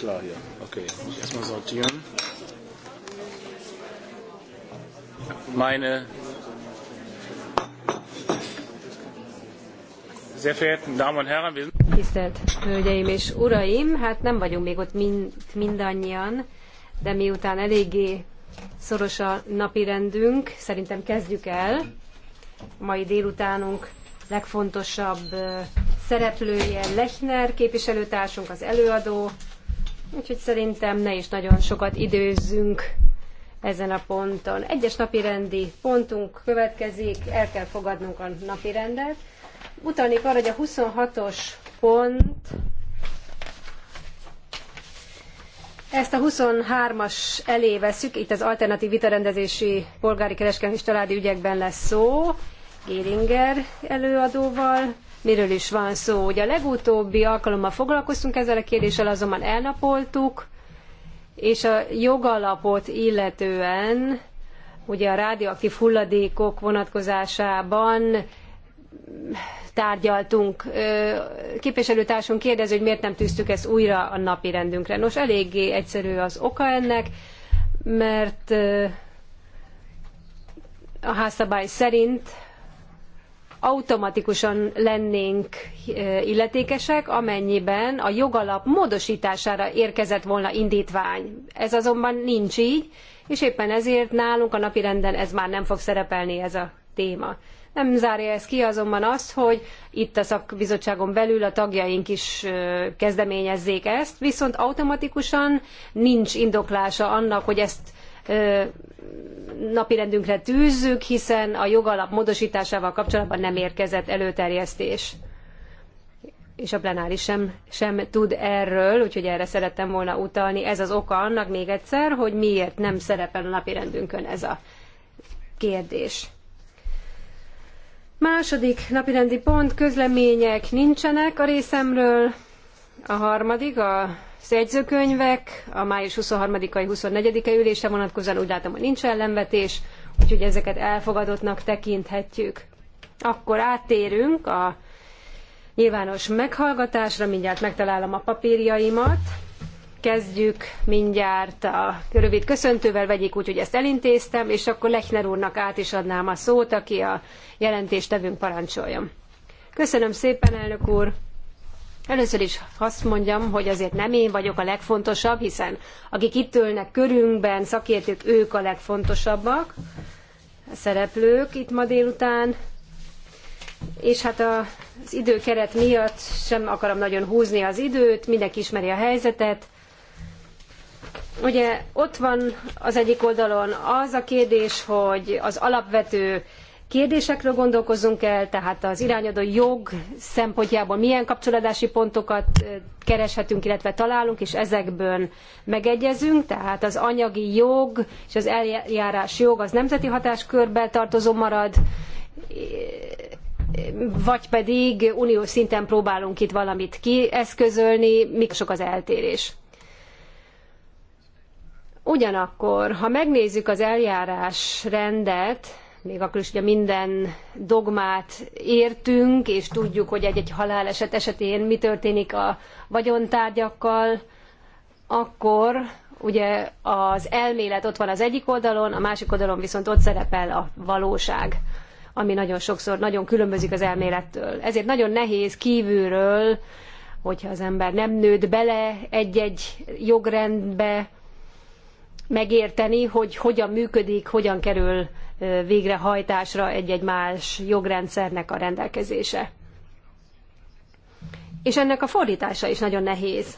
klar hier. Okay, muss ich erstmal sortieren. Meine sehr verehrten Damen und Herren, wir sind Tisztelt Hölgyeim és Uraim, hát nem vagyunk még ott mind, mindannyian, de miután eléggé szoros a napi rendünk, szerintem kezdjük el. Mai délutánunk legfontosabb szereplője Lechner képviselőtársunk, az előadó, Úgyhogy szerintem ne is nagyon sokat időzzünk ezen a ponton. Egyes napirendi pontunk következik, el kell fogadnunk a napirendet. Utalnék arra, hogy a 26-os pont ezt a 23-as elé veszük, itt az alternatív vitarendezési polgári kereskedelmi és családi ügyekben lesz szó, Géringer előadóval, miről is van szó. Ugye a legutóbbi alkalommal foglalkoztunk ezzel a kérdéssel, azonban elnapoltuk, és a jogalapot illetően, ugye a rádióaktív hulladékok vonatkozásában tárgyaltunk. Képviselőtársunk kérdezi, hogy miért nem tűztük ezt újra a napi rendünkre. Nos, eléggé egyszerű az oka ennek, mert a házszabály szerint automatikusan lennénk e, illetékesek, amennyiben a jogalap módosítására érkezett volna indítvány. Ez azonban nincs így, és éppen ezért nálunk a napirenden ez már nem fog szerepelni ez a téma. Nem zárja ez ki azonban azt, hogy itt a szakbizottságon belül a tagjaink is e, kezdeményezzék ezt, viszont automatikusan nincs indoklása annak, hogy ezt napirendünkre tűzzük, hiszen a jogalap módosításával kapcsolatban nem érkezett előterjesztés. És a plenáris sem, sem tud erről, úgyhogy erre szerettem volna utalni. Ez az oka annak még egyszer, hogy miért nem szerepel a napirendünkön ez a kérdés. Második napirendi pont, közlemények nincsenek a részemről. A harmadik, a jegyzőkönyvek, a május 23-ai 24-e ülésre vonatkozóan úgy látom, hogy nincs ellenvetés, úgyhogy ezeket elfogadottnak tekinthetjük. Akkor áttérünk a nyilvános meghallgatásra, mindjárt megtalálom a papírjaimat. Kezdjük mindjárt a rövid köszöntővel, vegyék úgy, hogy ezt elintéztem, és akkor Lechner úrnak át is adnám a szót, aki a jelentéstevünk parancsoljon. Köszönöm szépen, elnök úr! Először is azt mondjam, hogy azért nem én vagyok a legfontosabb, hiszen akik itt ülnek körünkben, szakértők, ők a legfontosabbak, a szereplők itt ma délután, és hát az időkeret miatt sem akarom nagyon húzni az időt, mindenki ismeri a helyzetet. Ugye ott van az egyik oldalon az a kérdés, hogy az alapvető kérdésekről gondolkozzunk el, tehát az irányadó jog szempontjából milyen kapcsolódási pontokat kereshetünk, illetve találunk, és ezekből megegyezünk, tehát az anyagi jog és az eljárás jog az nemzeti hatáskörbe tartozó marad, vagy pedig uniós szinten próbálunk itt valamit kieszközölni, mik sok az eltérés. Ugyanakkor, ha megnézzük az eljárás rendet, még akkor is ugye minden dogmát értünk, és tudjuk, hogy egy-egy haláleset esetén mi történik a vagyontárgyakkal, akkor ugye az elmélet ott van az egyik oldalon, a másik oldalon viszont ott szerepel a valóság, ami nagyon sokszor nagyon különbözik az elmélettől. Ezért nagyon nehéz kívülről, hogyha az ember nem nőtt bele egy-egy jogrendbe, megérteni, hogy hogyan működik, hogyan kerül végrehajtásra egy-egy más jogrendszernek a rendelkezése. És ennek a fordítása is nagyon nehéz.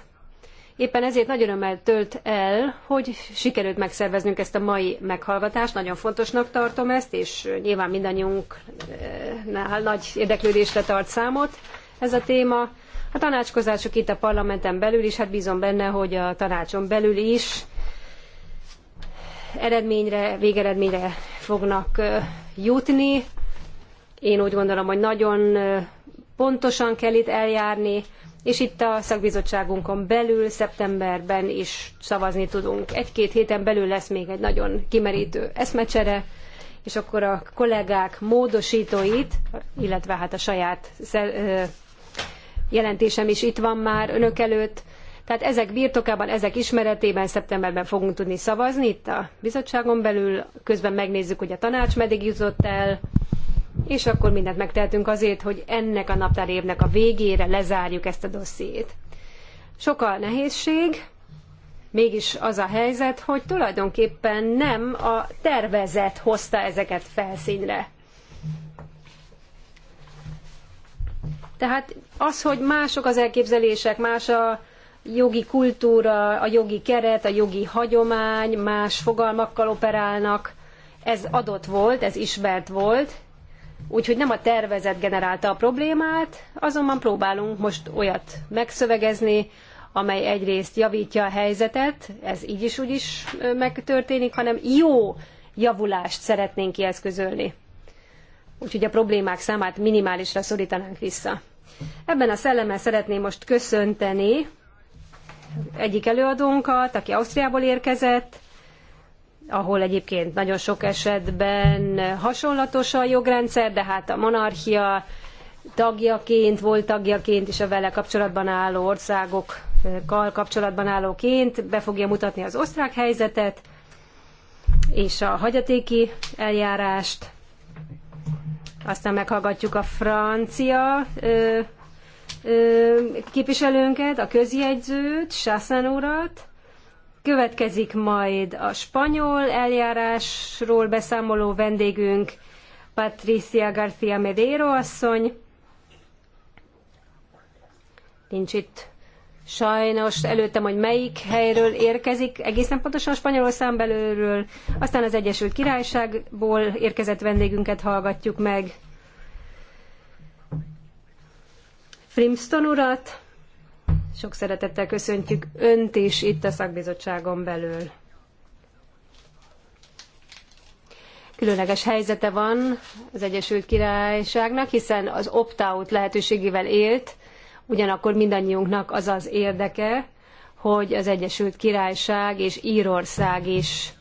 Éppen ezért nagy örömmel tölt el, hogy sikerült megszerveznünk ezt a mai meghallgatást. Nagyon fontosnak tartom ezt, és nyilván mindannyiunknál nagy érdeklődésre tart számot ez a téma. A tanácskozások itt a parlamenten belül is, hát bízom benne, hogy a tanácson belül is eredményre, végeredményre fognak jutni. Én úgy gondolom, hogy nagyon pontosan kell itt eljárni, és itt a szakbizottságunkon belül szeptemberben is szavazni tudunk. Egy-két héten belül lesz még egy nagyon kimerítő eszmecsere, és akkor a kollégák módosítóit, illetve hát a saját jelentésem is itt van már önök előtt, tehát ezek birtokában, ezek ismeretében szeptemberben fogunk tudni szavazni itt a bizottságon belül, közben megnézzük, hogy a tanács meddig jutott el, és akkor mindent megtehetünk azért, hogy ennek a naptár évnek a végére lezárjuk ezt a dossziét. Sok a nehézség, mégis az a helyzet, hogy tulajdonképpen nem a tervezet hozta ezeket felszínre. Tehát az, hogy mások az elképzelések, más a jogi kultúra, a jogi keret, a jogi hagyomány más fogalmakkal operálnak. Ez adott volt, ez ismert volt, úgyhogy nem a tervezet generálta a problémát, azonban próbálunk most olyat megszövegezni, amely egyrészt javítja a helyzetet, ez így is úgy is megtörténik, hanem jó javulást szeretnénk kieszközölni. Úgyhogy a problémák számát minimálisra szorítanánk vissza. Ebben a szellemben szeretném most köszönteni egyik előadónkat, aki Ausztriából érkezett, ahol egyébként nagyon sok esetben hasonlatos a jogrendszer, de hát a monarchia tagjaként, volt tagjaként és a vele kapcsolatban álló országokkal kapcsolatban állóként be fogja mutatni az osztrák helyzetet és a hagyatéki eljárást. Aztán meghallgatjuk a francia képviselőnket, a közjegyzőt, Sászán urat. Következik majd a spanyol eljárásról beszámoló vendégünk, Patricia García Medero asszony. Nincs itt sajnos előttem, hogy melyik helyről érkezik, egészen pontosan a spanyol belőről, aztán az Egyesült Királyságból érkezett vendégünket hallgatjuk meg, Frimston urat. Sok szeretettel köszöntjük Önt is itt a szakbizottságon belül. Különleges helyzete van az Egyesült Királyságnak, hiszen az opt-out lehetőségével élt, ugyanakkor mindannyiunknak az az érdeke, hogy az Egyesült Királyság és Írország is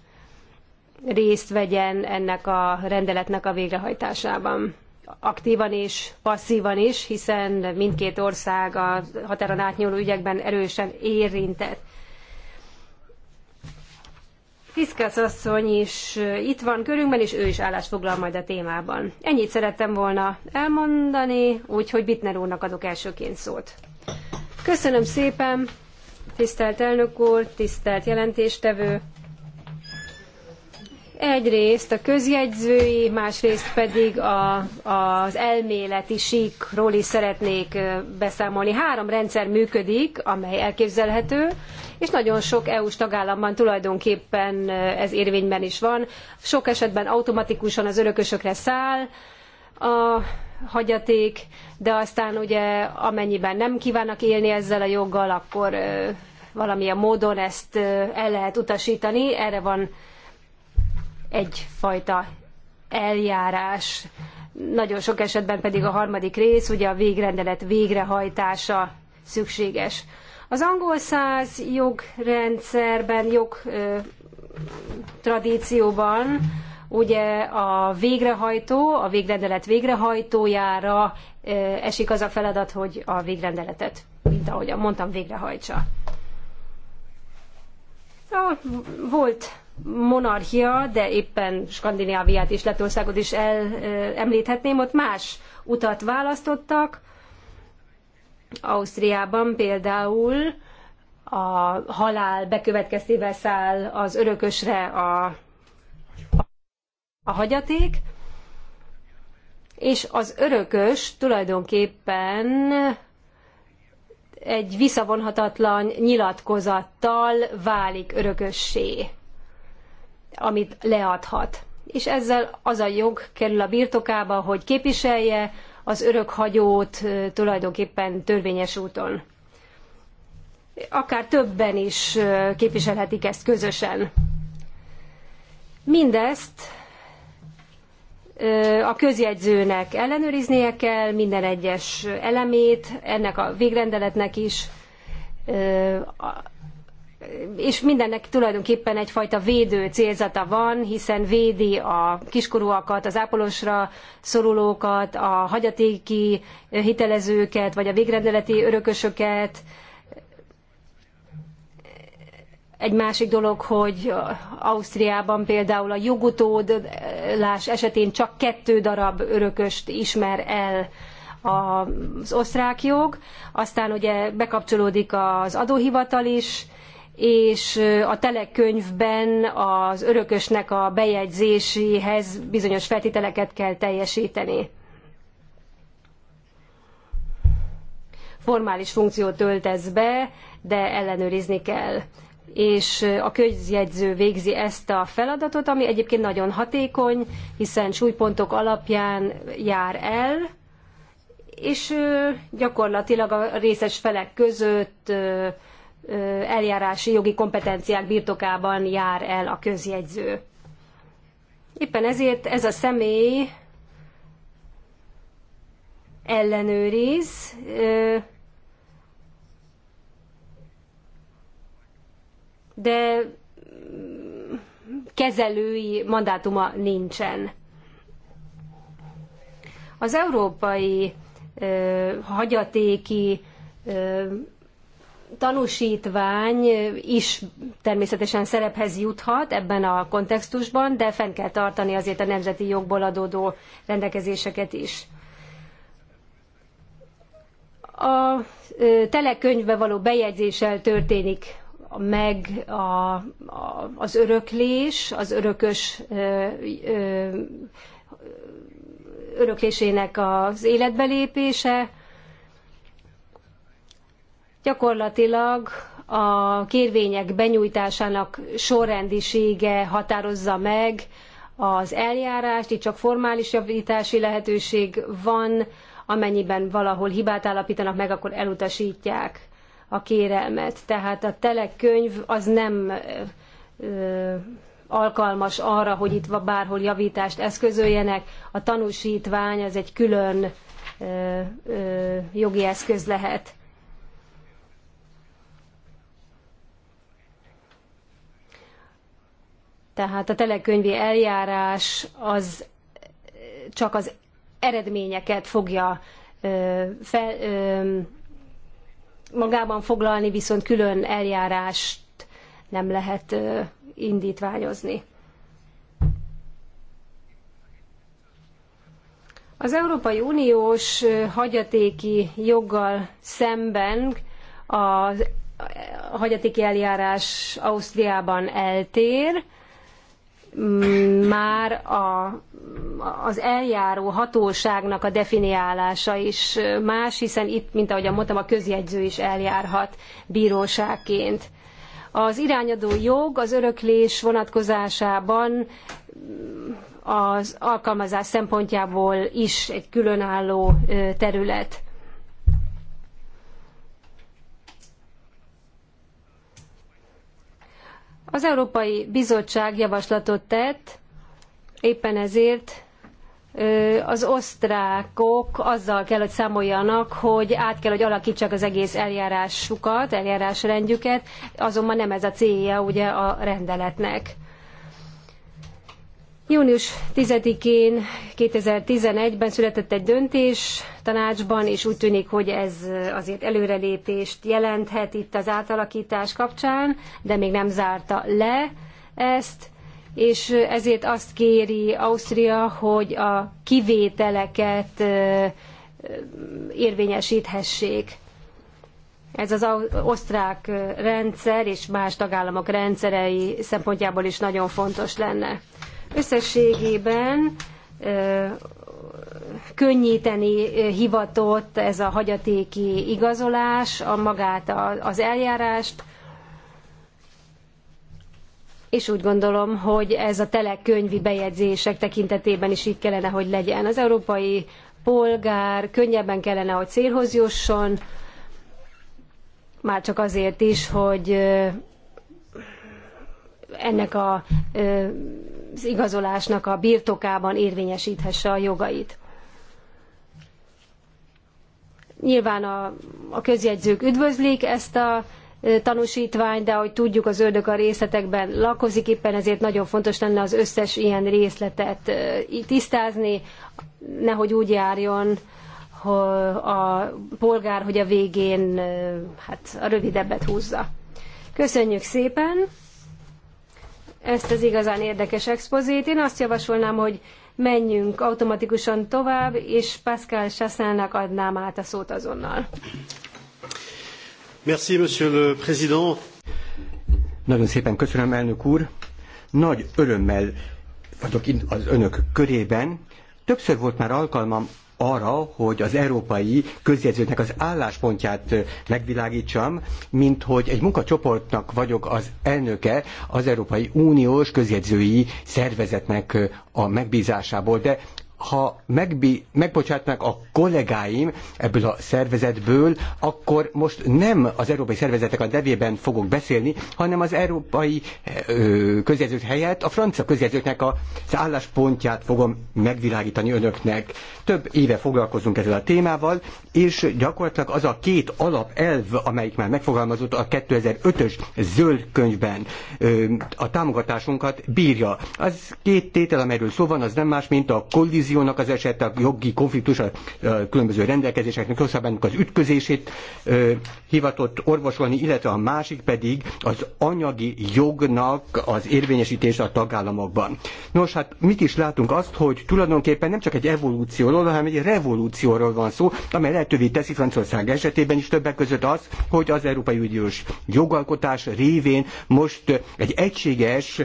részt vegyen ennek a rendeletnek a végrehajtásában aktívan és passzívan is, hiszen mindkét ország a határon átnyúló ügyekben erősen érintett. Fiszkász asszony is itt van körünkben, és ő is állást foglal majd a témában. Ennyit szerettem volna elmondani, úgyhogy Bitner úrnak adok elsőként szót. Köszönöm szépen, tisztelt elnök úr, tisztelt jelentéstevő, Egyrészt a közjegyzői, másrészt pedig a, az elméleti síkról is szeretnék beszámolni. Három rendszer működik, amely elképzelhető, és nagyon sok EU-s tagállamban tulajdonképpen ez érvényben is van. Sok esetben automatikusan az örökösökre száll a hagyaték, de aztán ugye amennyiben nem kívánnak élni ezzel a joggal, akkor valamilyen módon ezt el lehet utasítani. Erre van egyfajta eljárás, nagyon sok esetben pedig a harmadik rész, ugye a végrendelet végrehajtása szükséges. Az angol száz jogrendszerben, jog ö, tradícióban ugye a végrehajtó, a végrendelet végrehajtójára ö, esik az a feladat, hogy a végrendeletet, mint ahogy mondtam, végrehajtsa. volt monarchia, de éppen Skandináviát és Lettországot is el, említhetném, ott más utat választottak. Ausztriában például a halál bekövetkeztével száll az örökösre a, a hagyaték, és az örökös tulajdonképpen egy visszavonhatatlan nyilatkozattal válik örökössé amit leadhat. És ezzel az a jog kerül a birtokába, hogy képviselje az örökhagyót tulajdonképpen törvényes úton. Akár többen is képviselhetik ezt közösen. Mindezt a közjegyzőnek ellenőriznie kell minden egyes elemét, ennek a végrendeletnek is, és mindennek tulajdonképpen egyfajta védő célzata van, hiszen védi a kiskorúakat, az ápolósra szorulókat, a hagyatéki hitelezőket, vagy a végrendeleti örökösöket. Egy másik dolog, hogy Ausztriában például a jogutódlás esetén csak kettő darab örököst ismer el az osztrák jog, aztán ugye bekapcsolódik az adóhivatal is, és a telekönyvben az örökösnek a bejegyzéséhez bizonyos feltételeket kell teljesíteni. Formális funkciót tölt ez be, de ellenőrizni kell és a közjegyző végzi ezt a feladatot, ami egyébként nagyon hatékony, hiszen súlypontok alapján jár el, és gyakorlatilag a részes felek között eljárási jogi kompetenciák birtokában jár el a közjegyző. Éppen ezért ez a személy ellenőriz, de kezelői mandátuma nincsen. Az európai hagyatéki tanúsítvány is természetesen szerephez juthat ebben a kontextusban, de fenn kell tartani azért a nemzeti jogból adódó rendelkezéseket is. A telekönyvbe való bejegyzéssel történik meg a, a, az öröklés, az örökös ö, ö, öröklésének az életbelépése, Gyakorlatilag a kérvények benyújtásának sorrendisége határozza meg az eljárást, itt csak formális javítási lehetőség van, amennyiben valahol hibát állapítanak meg, akkor elutasítják a kérelmet. Tehát a telekönyv az nem ö, alkalmas arra, hogy itt bárhol javítást eszközöljenek. A tanúsítvány az egy külön ö, ö, jogi eszköz lehet. Tehát a telekönyvi eljárás az eh, csak az eredményeket fogja eh, fel, eh, magában foglalni, viszont külön eljárást nem lehet indítványozni. Az Európai Uniós hagyatéki joggal szemben a hagyatéki eljárás Ausztriában eltér, már a, az eljáró hatóságnak a definiálása is más, hiszen itt, mint ahogy mondtam, a közjegyző is eljárhat bíróságként. Az irányadó jog az öröklés vonatkozásában az alkalmazás szempontjából is egy különálló terület. Az Európai Bizottság javaslatot tett, éppen ezért az osztrákok azzal kell, hogy számoljanak, hogy át kell, hogy alakítsák az egész eljárásukat, eljárásrendjüket, azonban nem ez a célja ugye a rendeletnek. Június 10-én 2011-ben született egy döntés tanácsban, és úgy tűnik, hogy ez azért előrelépést jelenthet itt az átalakítás kapcsán, de még nem zárta le ezt, és ezért azt kéri Ausztria, hogy a kivételeket érvényesíthessék. Ez az osztrák rendszer és más tagállamok rendszerei szempontjából is nagyon fontos lenne. Összességében könnyíteni hivatott ez a hagyatéki igazolás, a magát az eljárást, és úgy gondolom, hogy ez a telekönyvi bejegyzések tekintetében is így kellene, hogy legyen. Az európai polgár könnyebben kellene, hogy célhoz jusson, már csak azért is, hogy ennek a az igazolásnak a birtokában érvényesíthesse a jogait. Nyilván a, a közjegyzők üdvözlik ezt a tanúsítvány, de ahogy tudjuk, az ördög a részletekben lakozik, éppen ezért nagyon fontos lenne az összes ilyen részletet tisztázni, nehogy úgy járjon a polgár, hogy a végén hát, a rövidebbet húzza. Köszönjük szépen! ezt az igazán érdekes expozét. Én azt javasolnám, hogy menjünk automatikusan tovább, és Pascal Chasselnak adnám át a szót azonnal. Merci, monsieur le président. Nagyon szépen köszönöm, elnök úr. Nagy örömmel vagyok az önök körében. Többször volt már alkalmam arra, hogy az európai közjegyzőknek az álláspontját megvilágítsam, mint hogy egy munkacsoportnak vagyok az elnöke az Európai Uniós közjegyzői szervezetnek a megbízásából, de ha megbi, megbocsátnak a kollégáim ebből a szervezetből, akkor most nem az európai szervezetek a nevében fogok beszélni, hanem az európai eh, közjegyzők helyett a francia közjegyzőknek az álláspontját fogom megvilágítani önöknek. Több éve foglalkozunk ezzel a témával, és gyakorlatilag az a két alapelv, amelyik már megfogalmazott a 2005-ös zöld könyvben ö, a támogatásunkat bírja. Az két tétel, amelyről szó van, az nem más, mint a kollízió kollíziónak az eset, a jogi konfliktus, a különböző rendelkezéseknek, hosszabbának az ütközését hivatott orvosolni, illetve a másik pedig az anyagi jognak az érvényesítés a tagállamokban. Nos, hát mit is látunk azt, hogy tulajdonképpen nem csak egy evolúcióról, hanem egy revolúcióról van szó, amely lehetővé teszi Franciaország esetében is többek között az, hogy az Európai Uniós jogalkotás révén most egy egységes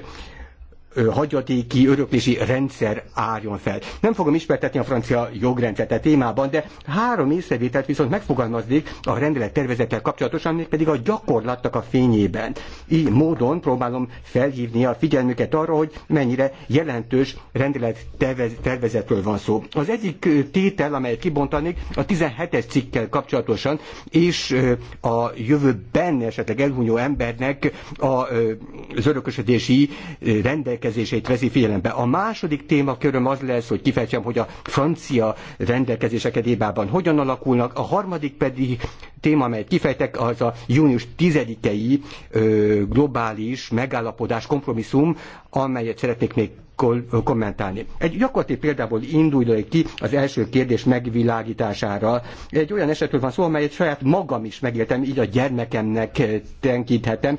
hagyatéki öröklési rendszer álljon fel. Nem fogom ismertetni a francia jogrendszert a e témában, de három észrevételt viszont megfogalmaznék a rendelet tervezettel kapcsolatosan, még pedig a gyakorlatnak a fényében. Így módon próbálom felhívni a figyelmüket arra, hogy mennyire jelentős rendelet tervezetről van szó. Az egyik tétel, amelyet kibontanék, a 17-es cikkkel kapcsolatosan, és a jövőben esetleg elhunyó embernek az örökösödési rendelkezésre rendelkezését veszi figyelembe. A második témaköröm az lesz, hogy kifejtsem, hogy a francia rendelkezések edébában hogyan alakulnak. A harmadik pedig téma, amelyet kifejtek, az a június 10-i globális megállapodás, kompromisszum, amelyet szeretnék még kommentálni. Egy gyakorlati példából indulj ki az első kérdés megvilágítására. Egy olyan esetről van szó, amelyet saját magam is megéltem, így a gyermekemnek tenkíthetem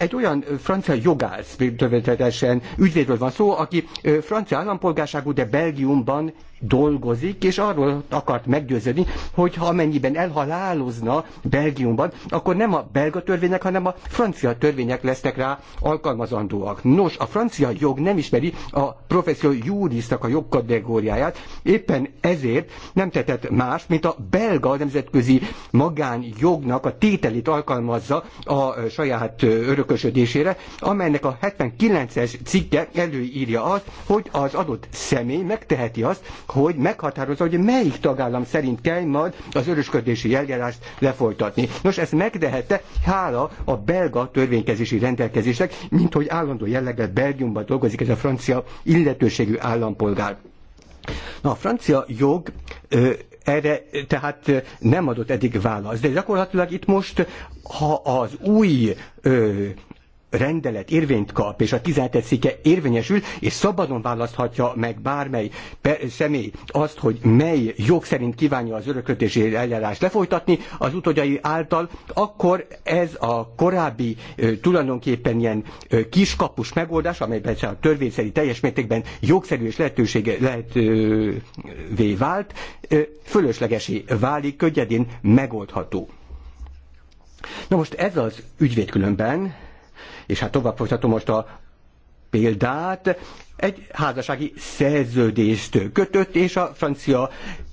egy olyan francia jogász, tövetesen ügyvédről van szó, aki francia állampolgárságú, de Belgiumban dolgozik, és arról akart meggyőződni, hogy ha amennyiben elhalálozna Belgiumban, akkor nem a belga törvények, hanem a francia törvények lesznek rá alkalmazandóak. Nos, a francia jog nem ismeri a professzió jurisztak a jogkategóriáját, éppen ezért nem tetett más, mint a belga nemzetközi magánjognak a tételét alkalmazza a saját örökösödésére, amelynek a 79-es cikke előírja azt, hogy az adott személy megteheti azt, hogy meghatározza, hogy melyik tagállam szerint kell majd az örösködési eljárást lefolytatni. Nos, ezt megtehette hála a belga törvénykezési rendelkezések, mint hogy állandó jelleggel Belgiumban dolgozik ez a francia illetőségű állampolgár. Na, a francia jog ö, erre tehát nem adott eddig választ. De gyakorlatilag itt most, ha az új ö, rendelet érvényt kap, és a 17 cikke érvényesül, és szabadon választhatja meg bármely személy azt, hogy mely jog szerint kívánja az örökötési eljárást lefolytatni az utódjai által, akkor ez a korábbi tulajdonképpen ilyen kiskapus megoldás, amelyben a törvény szerint teljes mértékben jogszerű és lehetősége lehetővé vált, fölöslegesé válik, könnyedén megoldható. Na most ez az ügyvéd különben és hát tovább folytatom most a példát. Egy házassági szerződést kötött, és a francia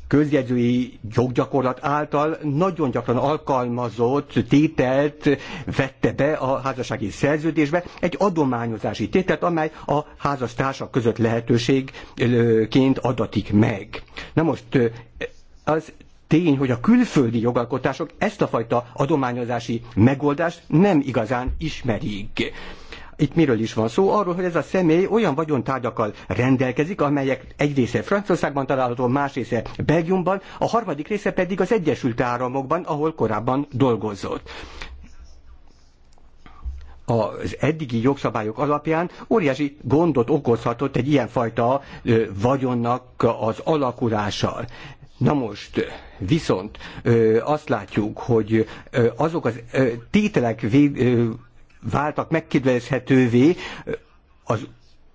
közjegyzői joggyakorlat által nagyon gyakran alkalmazott tételt vette be a házassági szerződésbe, egy adományozási tételt, amely a házastársak között lehetőségként adatik meg. Na most az tény, hogy a külföldi jogalkotások ezt a fajta adományozási megoldást nem igazán ismerik. Itt miről is van szó? Arról, hogy ez a személy olyan vagyontárgyakkal rendelkezik, amelyek egy része Franciaországban található, más része Belgiumban, a harmadik része pedig az Egyesült Államokban, ahol korábban dolgozott az eddigi jogszabályok alapján óriási gondot okozhatott egy ilyenfajta vagyonnak az alakulása. Na most viszont ö, azt látjuk, hogy ö, azok az ö, tételek vé, ö, váltak megkérdezhetővé az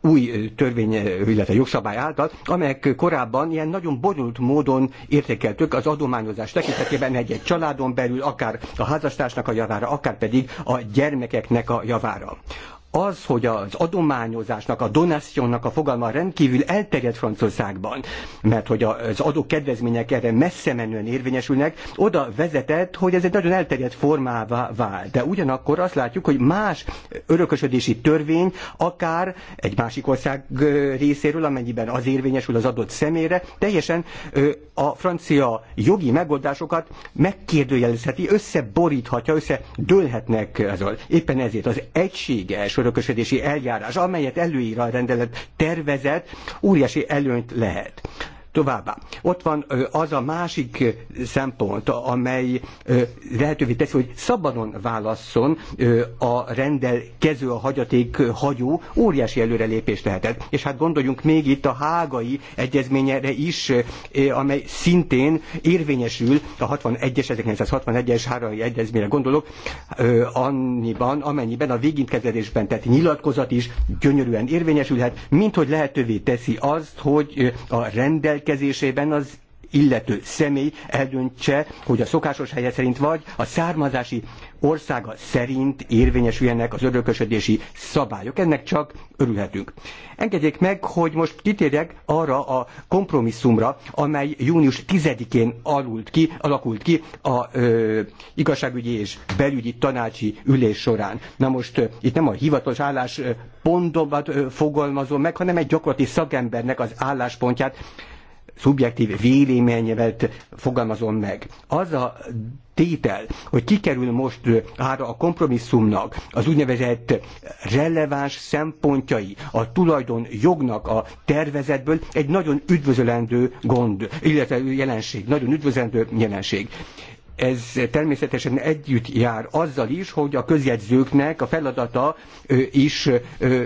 új törvény, illetve jogszabály által, amelyek korábban ilyen nagyon bonyolult módon értékeltük az adományozás tekintetében egy-egy családon belül, akár a házastársnak a javára, akár pedig a gyermekeknek a javára az, hogy az adományozásnak, a donációnak a fogalma rendkívül elterjedt Franciaországban, mert hogy az adó kedvezmények erre messze menően érvényesülnek, oda vezetett, hogy ez egy nagyon elterjedt formává vált. De ugyanakkor azt látjuk, hogy más örökösödési törvény, akár egy másik ország részéről, amennyiben az érvényesül az adott személyre, teljesen a francia jogi megoldásokat megkérdőjelezheti, összeboríthatja, összedőlhetnek azon. Éppen ezért az egységes, örökösödési eljárás, amelyet előír a rendelet tervezet, óriási előnyt lehet. Továbbá, ott van az a másik szempont, amely lehetővé teszi, hogy szabadon válasszon a rendelkező, a hagyaték hagyó, óriási előrelépést lehetett. És hát gondoljunk még itt a hágai egyezményre is, amely szintén érvényesül a 61-es, 1961-es hárai egyezményre gondolok, anniban, amennyiben a végintkezelésben tett nyilatkozat is gyönyörűen érvényesülhet, mint hogy lehetővé teszi azt, hogy a rendelkező megérkezésében az illető személy eldöntse, hogy a szokásos helye szerint vagy a származási országa szerint érvényesüljenek az örökösödési szabályok. Ennek csak örülhetünk. Engedjék meg, hogy most kitérjek arra a kompromisszumra, amely június 10-én alult ki, alakult ki a ö, igazságügyi és belügyi tanácsi ülés során. Na most ö, itt nem a hivatalos álláspontomat fogalmazom meg, hanem egy gyakorlati szakembernek az álláspontját szubjektív véleményemet fogalmazom meg. Az a tétel, hogy kikerül most ára a kompromisszumnak az úgynevezett releváns szempontjai a tulajdon jognak a tervezetből egy nagyon üdvözölendő gond, illetve jelenség, nagyon üdvözölendő jelenség ez természetesen együtt jár azzal is, hogy a közjegyzőknek a feladata is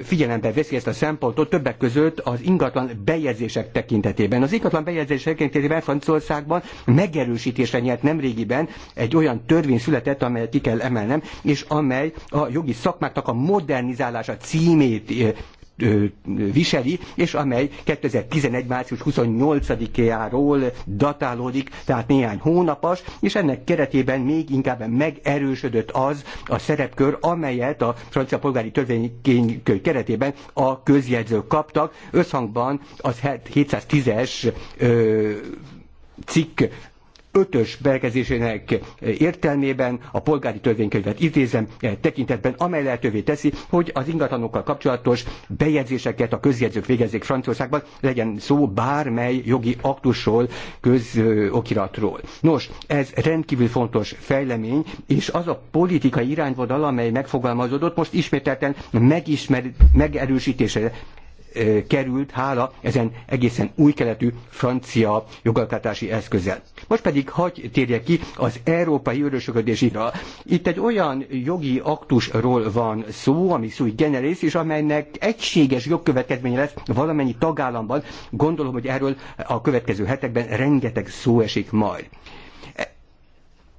figyelembe veszi ezt a szempontot, többek között az ingatlan bejegyzések tekintetében. Az ingatlan bejegyzések tekintetében Franciaországban megerősítésre nyert nemrégiben egy olyan törvény született, amelyet ki kell emelnem, és amely a jogi szakmáknak a modernizálása címét viseli, és amely 2011. március 28 éjáról datálódik, tehát néhány hónapos, és ennek keretében még inkább megerősödött az a szerepkör, amelyet a francia polgári törvénykönyv keretében a közjegyzők kaptak, összhangban az 710-es cikk ötös belkezésének értelmében a polgári törvénykönyvet idézem eh, tekintetben, amely lehetővé teszi, hogy az ingatlanokkal kapcsolatos bejegyzéseket a közjegyzők végezzék Franciaországban, legyen szó bármely jogi aktusról, közokiratról. Nos, ez rendkívül fontos fejlemény, és az a politikai irányvonal, amely megfogalmazódott, most ismételten megismer, megerősítésre került, hála ezen egészen új keletű francia jogalkotási eszközzel. Most pedig hagy térjek ki az európai örösöködésére. Itt egy olyan jogi aktusról van szó, ami sui generis, és amelynek egységes jogkövetkezménye lesz valamennyi tagállamban. Gondolom, hogy erről a következő hetekben rengeteg szó esik majd.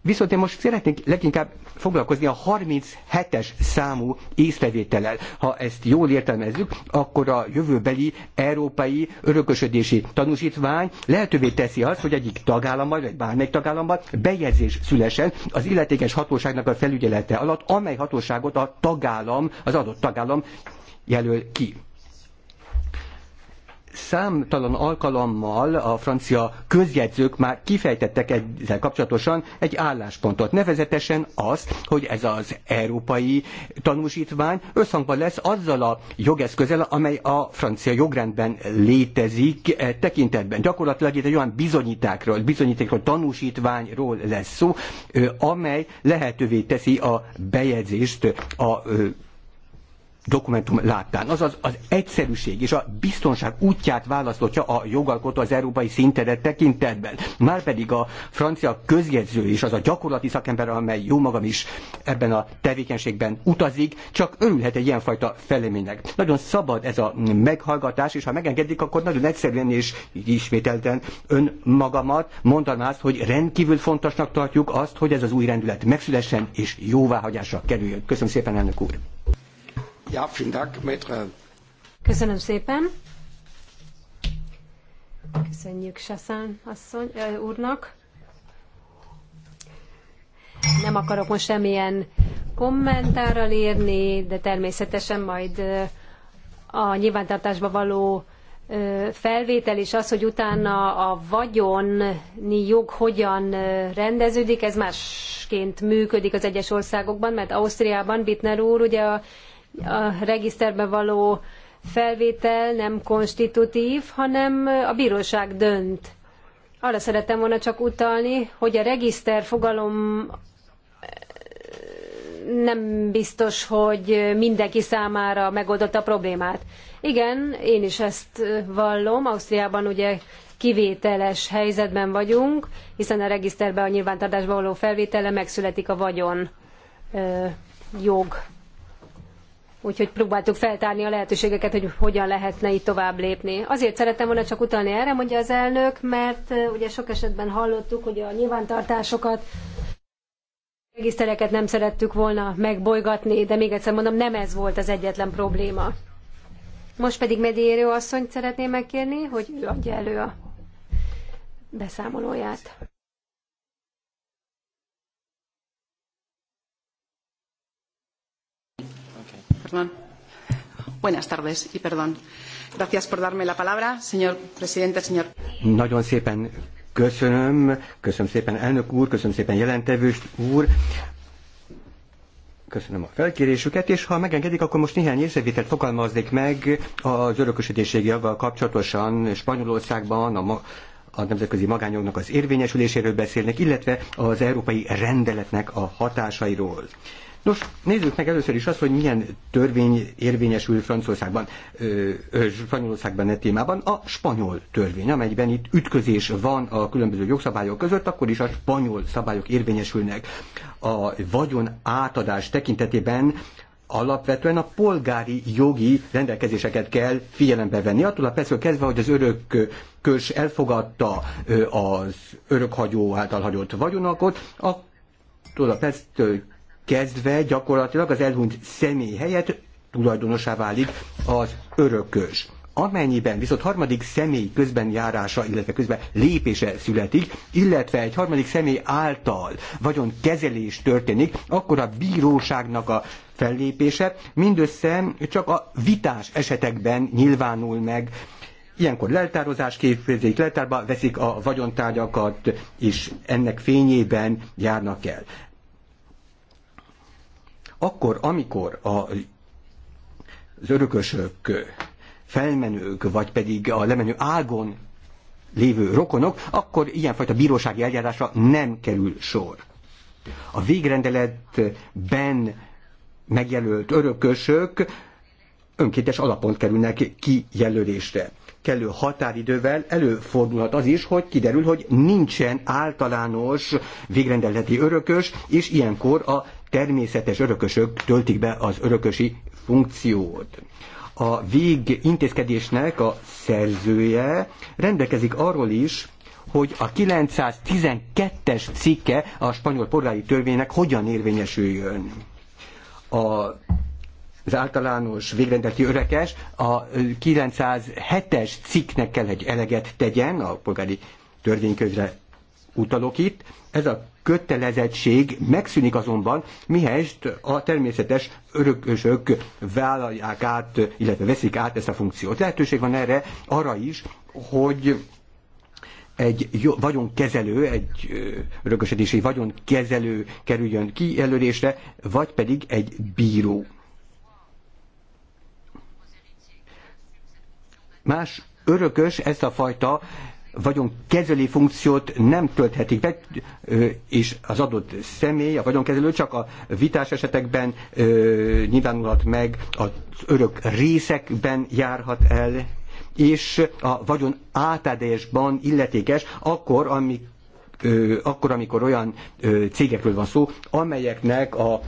Viszont én most szeretnék leginkább foglalkozni a 37-es számú észrevétellel. Ha ezt jól értelmezzük, akkor a jövőbeli európai örökösödési tanúsítvány lehetővé teszi azt, hogy egyik tagállamban, vagy bármelyik tagállamban bejegyzés szülesen az illetékes hatóságnak a felügyelete alatt, amely hatóságot a tagállam, az adott tagállam jelöl ki számtalan alkalommal a francia közjegyzők már kifejtettek ezzel kapcsolatosan egy álláspontot. Nevezetesen az, hogy ez az európai tanúsítvány összhangban lesz azzal a jogeszközzel, amely a francia jogrendben létezik e, tekintetben. Gyakorlatilag itt egy olyan bizonyítákról, bizonyítékról, tanúsítványról lesz szó, amely lehetővé teszi a bejegyzést a dokumentum láttán. Azaz az egyszerűség és a biztonság útját választotja a jogalkotó az európai szintedet tekintetben. Márpedig a francia közjegyző és az a gyakorlati szakember, amely jó magam is ebben a tevékenységben utazik, csak örülhet egy ilyenfajta feleménynek. Nagyon szabad ez a meghallgatás, és ha megengedik, akkor nagyon egyszerűen és ismételten önmagamat mondanám azt, hogy rendkívül fontosnak tartjuk azt, hogy ez az új rendület megszülessen és jóváhagyásra kerüljön. Köszönöm szépen, elnök úr! Ja, vielen Dank, Maitre. Köszönöm szépen. Köszönjük Sasán asszony, úrnak. Nem akarok most semmilyen kommentárral érni, de természetesen majd a nyilvántartásba való felvétel és az, hogy utána a vagyoni jog hogyan rendeződik, ez másként működik az egyes országokban, mert Ausztriában Bittner úr ugye a a regiszterbe való felvétel nem konstitutív, hanem a bíróság dönt. Arra szerettem volna csak utalni, hogy a regiszter fogalom eh, nem biztos, hogy mindenki számára megoldotta a problémát. Igen, én is ezt vallom. Ausztriában ugye kivételes helyzetben vagyunk, hiszen a regiszterbe a nyilvántartásba való felvétele megszületik a vagyon eh, jog úgyhogy próbáltuk feltárni a lehetőségeket, hogy hogyan lehetne itt tovább lépni. Azért szerettem volna csak utalni erre, mondja az elnök, mert ugye sok esetben hallottuk, hogy a nyilvántartásokat regisztereket nem szerettük volna megbolygatni, de még egyszer mondom, nem ez volt az egyetlen probléma. Most pedig Mediérő asszonyt szeretném megkérni, hogy ő adja elő a beszámolóját. Perdón. Buenas tardes y perdón. Gracias por darme la palabra, señor presidente, señor. Nagyon szépen köszönöm, köszönöm szépen elnök úr, köszönöm szépen jelentevős úr. Köszönöm a felkérésüket, és ha megengedik, akkor most néhány észrevételt fogalmaznék meg az örökösödéségi joggal kapcsolatosan Spanyolországban, a, ma, a nemzetközi magányoknak az érvényesüléséről beszélnek, illetve az európai rendeletnek a hatásairól. Nos, nézzük meg először is azt, hogy milyen törvény érvényesül Franciaországban, ö, ö, Spanyolországban e témában. A spanyol törvény, amelyben itt ütközés van a különböző jogszabályok között, akkor is a spanyol szabályok érvényesülnek. A vagyon átadás tekintetében alapvetően a polgári jogi rendelkezéseket kell figyelembe venni. Attól a percről kezdve, hogy az örök kös elfogadta az örökhagyó által hagyott vagyonakot, attól a perctől kezdve gyakorlatilag az elhunyt személy helyett tulajdonosá válik az örökös. Amennyiben viszont harmadik személy közben járása, illetve közben lépése születik, illetve egy harmadik személy által vagyon kezelés történik, akkor a bíróságnak a fellépése mindössze csak a vitás esetekben nyilvánul meg. Ilyenkor leltározás képzik, leltárba veszik a vagyontárgyakat, és ennek fényében járnak el. Akkor, amikor a, az örökösök, felmenők, vagy pedig a lemenő ágon lévő rokonok, akkor ilyenfajta bírósági eljárásra nem kerül sor. A végrendeletben megjelölt örökösök önkéntes alapon kerülnek kijelölésre. Kellő határidővel előfordulhat az is, hogy kiderül, hogy nincsen általános végrendeleti örökös, és ilyenkor a természetes örökösök töltik be az örökösi funkciót. A vég intézkedésnek a szerzője rendelkezik arról is, hogy a 912-es cikke a spanyol polgári törvénynek hogyan érvényesüljön. A az általános végrendeti örekes a 907-es cikknek kell, egy eleget tegyen, a polgári törvénykönyvre utalok itt. Ez a kötelezettség megszűnik azonban, mihelyest a természetes örökösök vállalják át, illetve veszik át ezt a funkciót. Lehetőség van erre arra is, hogy egy vagyonkezelő, egy örökösödési vagyonkezelő kerüljön kijelölésre, vagy pedig egy bíró. Más örökös ezt a fajta vagyonkezelő funkciót nem tölthetik be, és az adott személy, a vagyonkezelő csak a vitás esetekben nyilvánulhat meg, az örök részekben járhat el, és a vagyon átadásban illetékes, akkor, amikor akkor, amikor olyan cégekről van szó, amelyeknek a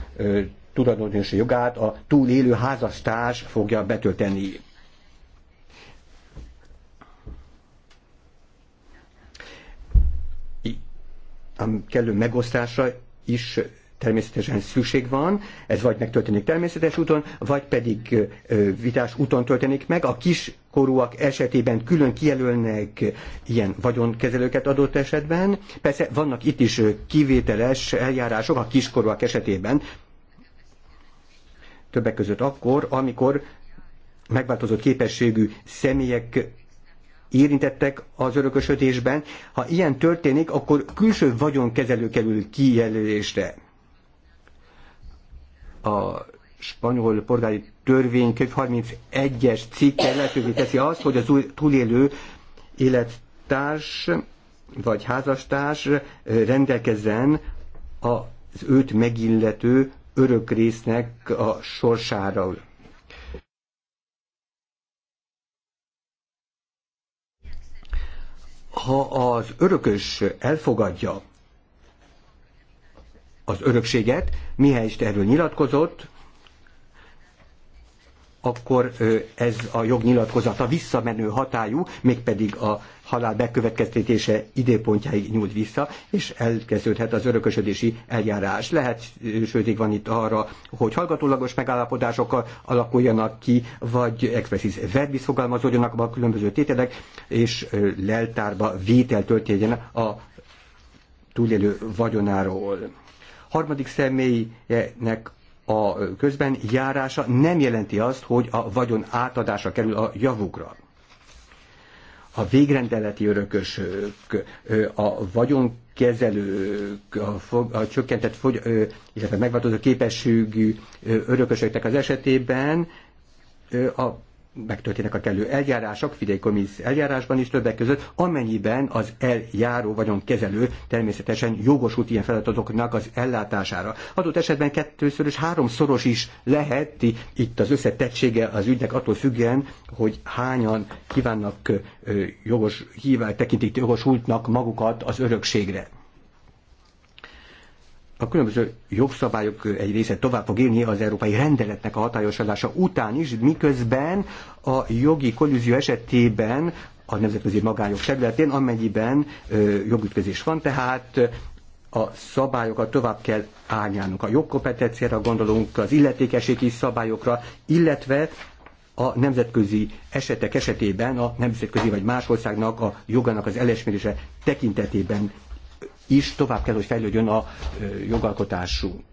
tulajdonosi jogát a túlélő házastárs fogja betölteni. kellő megosztásra is természetesen szükség van, ez vagy megtörténik természetes úton, vagy pedig vitás úton történik meg. A kiskorúak esetében külön kijelölnek ilyen vagyonkezelőket adott esetben. Persze vannak itt is kivételes eljárások a kiskorúak esetében, többek között akkor, amikor megváltozott képességű személyek érintettek az örökösödésben. Ha ilyen történik, akkor külső vagyonkezelő kerül kijelölésre. A spanyol polgári törvény 31-es cikke lehetővé teszi azt, hogy az új túlélő élettárs vagy házastárs rendelkezzen az őt megillető örök résznek a sorsáról. ha az örökös elfogadja az örökséget, Mihály erről nyilatkozott, akkor ez a jognyilatkozata visszamenő hatályú, mégpedig a halál bekövetkeztetése időpontjáig nyúlt vissza, és elkezdődhet az örökösödési eljárás. Lehetőség van itt arra, hogy hallgatólagos megállapodásokkal alakuljanak ki, vagy expressis verbis fogalmazódjanak a különböző tételek, és leltárba vétel történjen a túlélő vagyonáról. Harmadik személynek a közben járása nem jelenti azt, hogy a vagyon átadása kerül a javukra. A végrendeleti örökösök, a vagyonkezelők, a, a csökkentett, fogy, illetve megváltozó képességű örökösöknek az esetében a megtörténnek a kellő eljárások, fideikommiss eljárásban is többek között, amennyiben az eljáró vagyonkezelő természetesen jogosult ilyen feladatoknak az ellátására. Adott esetben kettőször és háromszoros is lehet, itt az összetettsége az ügynek attól függően, hogy hányan kívánnak jogos, hívá, tekintik jogosultnak magukat az örökségre a különböző jogszabályok egy része tovább fog élni az európai rendeletnek a hatályosodása után is, miközben a jogi kollúzió esetében a nemzetközi magányok területén, amennyiben ö, jogütközés van, tehát a szabályokat tovább kell árnyálnunk. A jogkompetenciára gondolunk, az illetékeségi szabályokra, illetve a nemzetközi esetek esetében a nemzetközi vagy más országnak a jogának az elesmérése tekintetében is tovább kell, hogy fejlődjön a jogalkotásunk.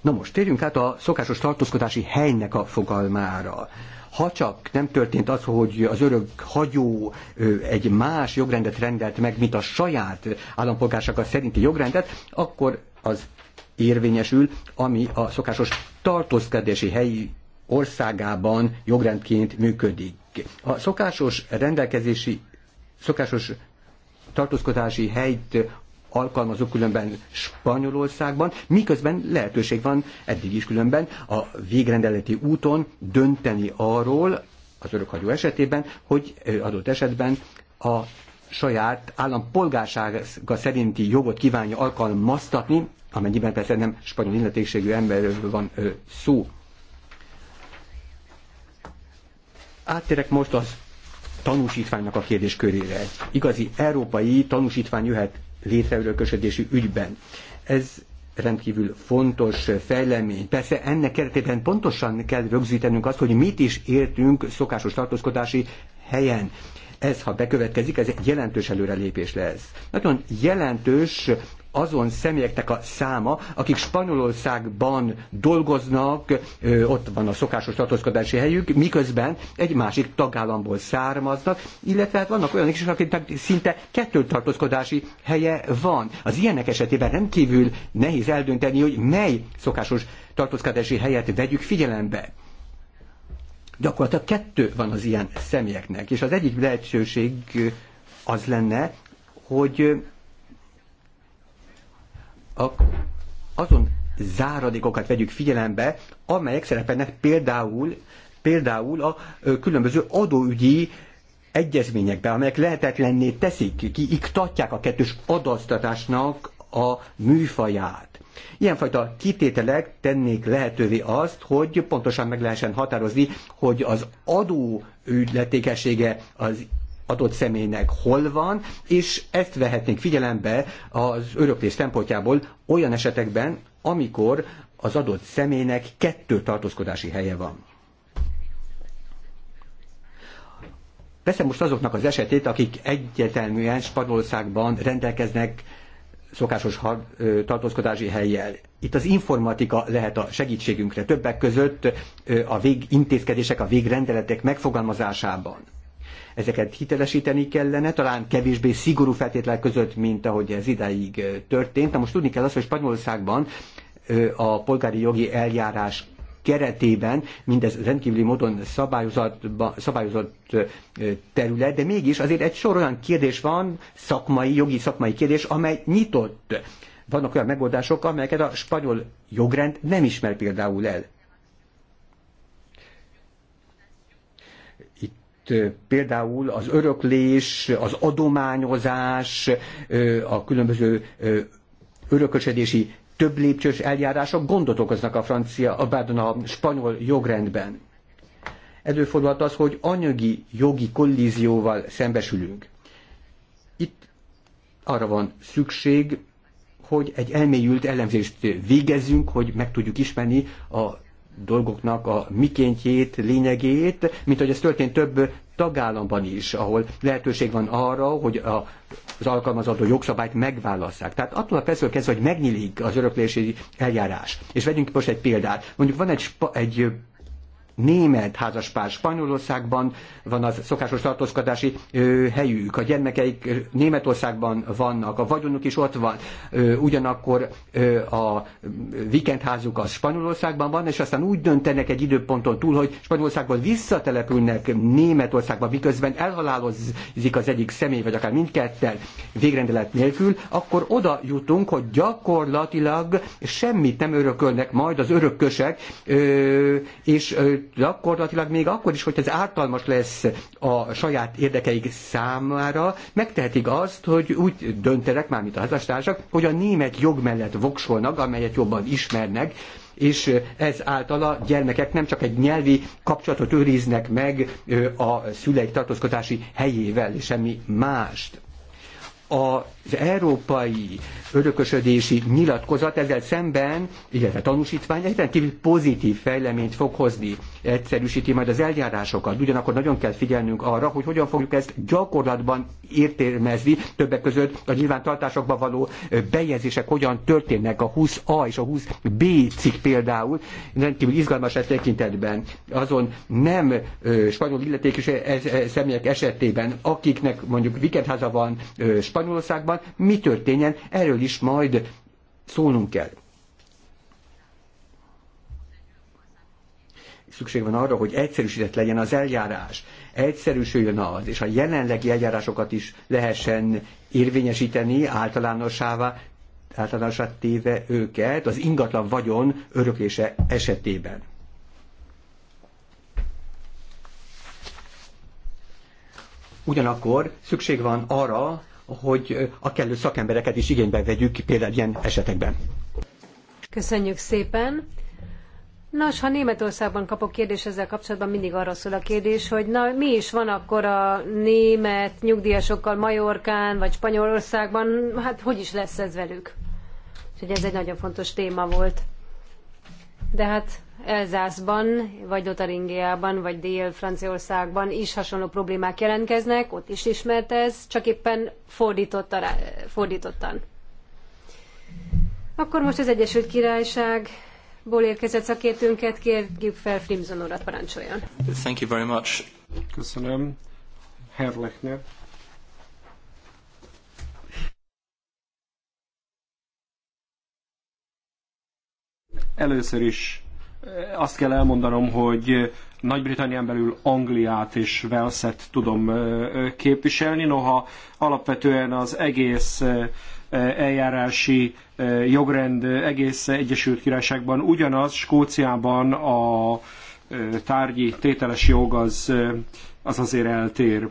Na most térjünk át a szokásos tartózkodási helynek a fogalmára. Ha csak nem történt az, hogy az örök hagyó egy más jogrendet rendelt meg, mint a saját állampolgársága szerinti jogrendet, akkor az érvényesül, ami a szokásos tartózkodási helyi országában jogrendként működik. A szokásos rendelkezési, szokásos tartózkodási helyt alkalmazó különben Spanyolországban, miközben lehetőség van eddig is különben a végrendeleti úton dönteni arról, az örökhagyó esetében, hogy adott esetben a saját állampolgársága szerinti jogot kívánja alkalmaztatni, amennyiben persze nem spanyol illetékségű emberről van szó. Áttérek most az tanúsítványnak a kérdéskörére. Egy igazi európai tanúsítvány jöhet létre ügyben. Ez rendkívül fontos fejlemény. Persze ennek keretében pontosan kell rögzítenünk azt, hogy mit is értünk szokásos tartózkodási helyen. Ez, ha bekövetkezik, ez egy jelentős előrelépés lesz. Nagyon jelentős azon személyeknek a száma, akik Spanyolországban dolgoznak, ott van a szokásos tartózkodási helyük, miközben egy másik tagállamból származnak, illetve hát vannak olyanok is, akiknek szinte kettő tartózkodási helye van. Az ilyenek esetében rendkívül nehéz eldönteni, hogy mely szokásos tartózkodási helyet vegyük figyelembe. Gyakorlatilag kettő van az ilyen személyeknek, és az egyik lehetőség az lenne, hogy a, azon záradékokat vegyük figyelembe, amelyek szerepelnek például, például a különböző adóügyi egyezményekben, amelyek lehetetlenné teszik, kiiktatják a kettős adóztatásnak a műfaját. Ilyenfajta kitételek tennék lehetővé azt, hogy pontosan meg lehessen határozni, hogy az adó ügyletékessége az adott személynek hol van, és ezt vehetnénk figyelembe az öröklés szempontjából olyan esetekben, amikor az adott személynek kettő tartózkodási helye van. Veszem most azoknak az esetét, akik egyetelműen Spanyolországban rendelkeznek szokásos tartózkodási helyjel. Itt az informatika lehet a segítségünkre többek között a végintézkedések, a végrendeletek megfogalmazásában ezeket hitelesíteni kellene, talán kevésbé szigorú feltételek között, mint ahogy ez idáig történt. Na most tudni kell azt, hogy Spanyolországban a polgári jogi eljárás keretében, mindez rendkívüli módon szabályozott, szabályozott terület, de mégis azért egy sor olyan kérdés van, szakmai, jogi szakmai kérdés, amely nyitott. Vannak olyan megoldások, amelyeket a spanyol jogrend nem ismer például el. például az öröklés, az adományozás, a különböző örökösödési több lépcsős eljárások gondot okoznak a francia, a, pardon, a spanyol jogrendben. Előfordulhat az, hogy anyagi jogi kollízióval szembesülünk. Itt arra van szükség, hogy egy elmélyült elemzést végezzünk, hogy meg tudjuk ismerni a dolgoknak a mikéntjét, lényegét, mint hogy ez történt több tagállamban is, ahol lehetőség van arra, hogy a, az alkalmazandó jogszabályt megválasszák. Tehát attól a percről kezdve, hogy megnyílik az öröklési eljárás. És vegyünk most egy példát. Mondjuk van egy, egy német házaspár Spanyolországban van az szokásos tartózkodási ö, helyük, a gyermekeik Németországban vannak, a vagyonuk is ott van, ö, ugyanakkor ö, a vikendházuk az Spanyolországban van, és aztán úgy döntenek egy időponton túl, hogy Spanyolországból visszatelepülnek Németországba, miközben elhalálozik az egyik személy, vagy akár mindketten végrendelet nélkül, akkor oda jutunk, hogy gyakorlatilag semmit nem örökölnek majd az örökkösek, ö, és ö, gyakorlatilag még akkor is, hogy ez ártalmas lesz a saját érdekeik számára, megtehetik azt, hogy úgy döntenek, mármint a házastársak, hogy a német jog mellett voksolnak, amelyet jobban ismernek, és ez által a gyermekek nem csak egy nyelvi kapcsolatot őriznek meg a szüleik tartózkodási helyével, semmi mást. A az európai örökösödési nyilatkozat ezzel szemben, illetve tanúsítvány egyre kívül pozitív fejleményt fog hozni, egyszerűsíti majd az eljárásokat. Ugyanakkor nagyon kell figyelnünk arra, hogy hogyan fogjuk ezt gyakorlatban értelmezni, többek között a nyilvántartásokban való bejegyzések hogyan történnek a 20A és a 20B cikk például, rendkívül izgalmas ez tekintetben. Azon nem spanyol illetékes személyek esetében, akiknek mondjuk vikendháza van Spanyolországban, országokban mi történjen, erről is majd szólnunk kell. Szükség van arra, hogy egyszerűsített legyen az eljárás, egyszerűsüljön az, és a jelenlegi eljárásokat is lehessen érvényesíteni általánossává, általánosát téve őket az ingatlan vagyon öröklése esetében. Ugyanakkor szükség van arra, hogy a kellő szakembereket is igénybe vegyük például ilyen esetekben. Köszönjük szépen! Nos, ha Németországban kapok kérdést ezzel kapcsolatban, mindig arra szól a kérdés, hogy na, mi is van akkor a német nyugdíjasokkal Majorkán vagy Spanyolországban, hát hogy is lesz ez velük? Úgyhogy ez egy nagyon fontos téma volt. De hát Elzászban, vagy Lotaringiában, vagy Dél-Franciaországban is hasonló problémák jelentkeznek, ott is ismert ez, csak éppen fordította, fordítottan. Akkor most az Egyesült Királyságból érkezett szakértőnket kérjük fel, Frimzon urat parancsoljon. Thank you very much. Köszönöm. Herr Lechner. Először is azt kell elmondanom, hogy Nagy-Britannián belül Angliát és Velszet tudom képviselni, noha alapvetően az egész eljárási jogrend egész Egyesült Királyságban ugyanaz, Skóciában a tárgyi tételes jog az, az azért eltér.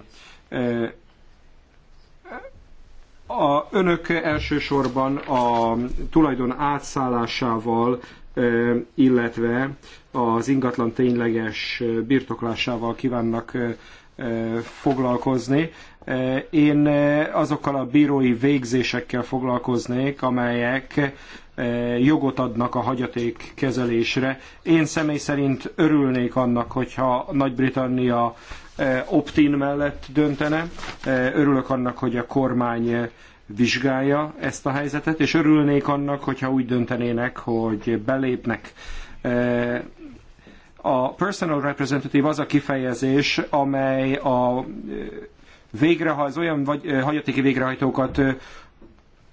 A önök elsősorban a tulajdon átszállásával illetve az ingatlan tényleges birtoklásával kívánnak foglalkozni. Én azokkal a bírói végzésekkel foglalkoznék, amelyek jogot adnak a hagyaték kezelésre. Én személy szerint örülnék annak, hogyha Nagy-Britannia opt-in mellett döntene. Örülök annak, hogy a kormány vizsgálja ezt a helyzetet, és örülnék annak, hogyha úgy döntenének, hogy belépnek eh, a personal representative az a kifejezés, amely a eh, végreha, az olyan vagy, eh, hagyatéki végrehajtókat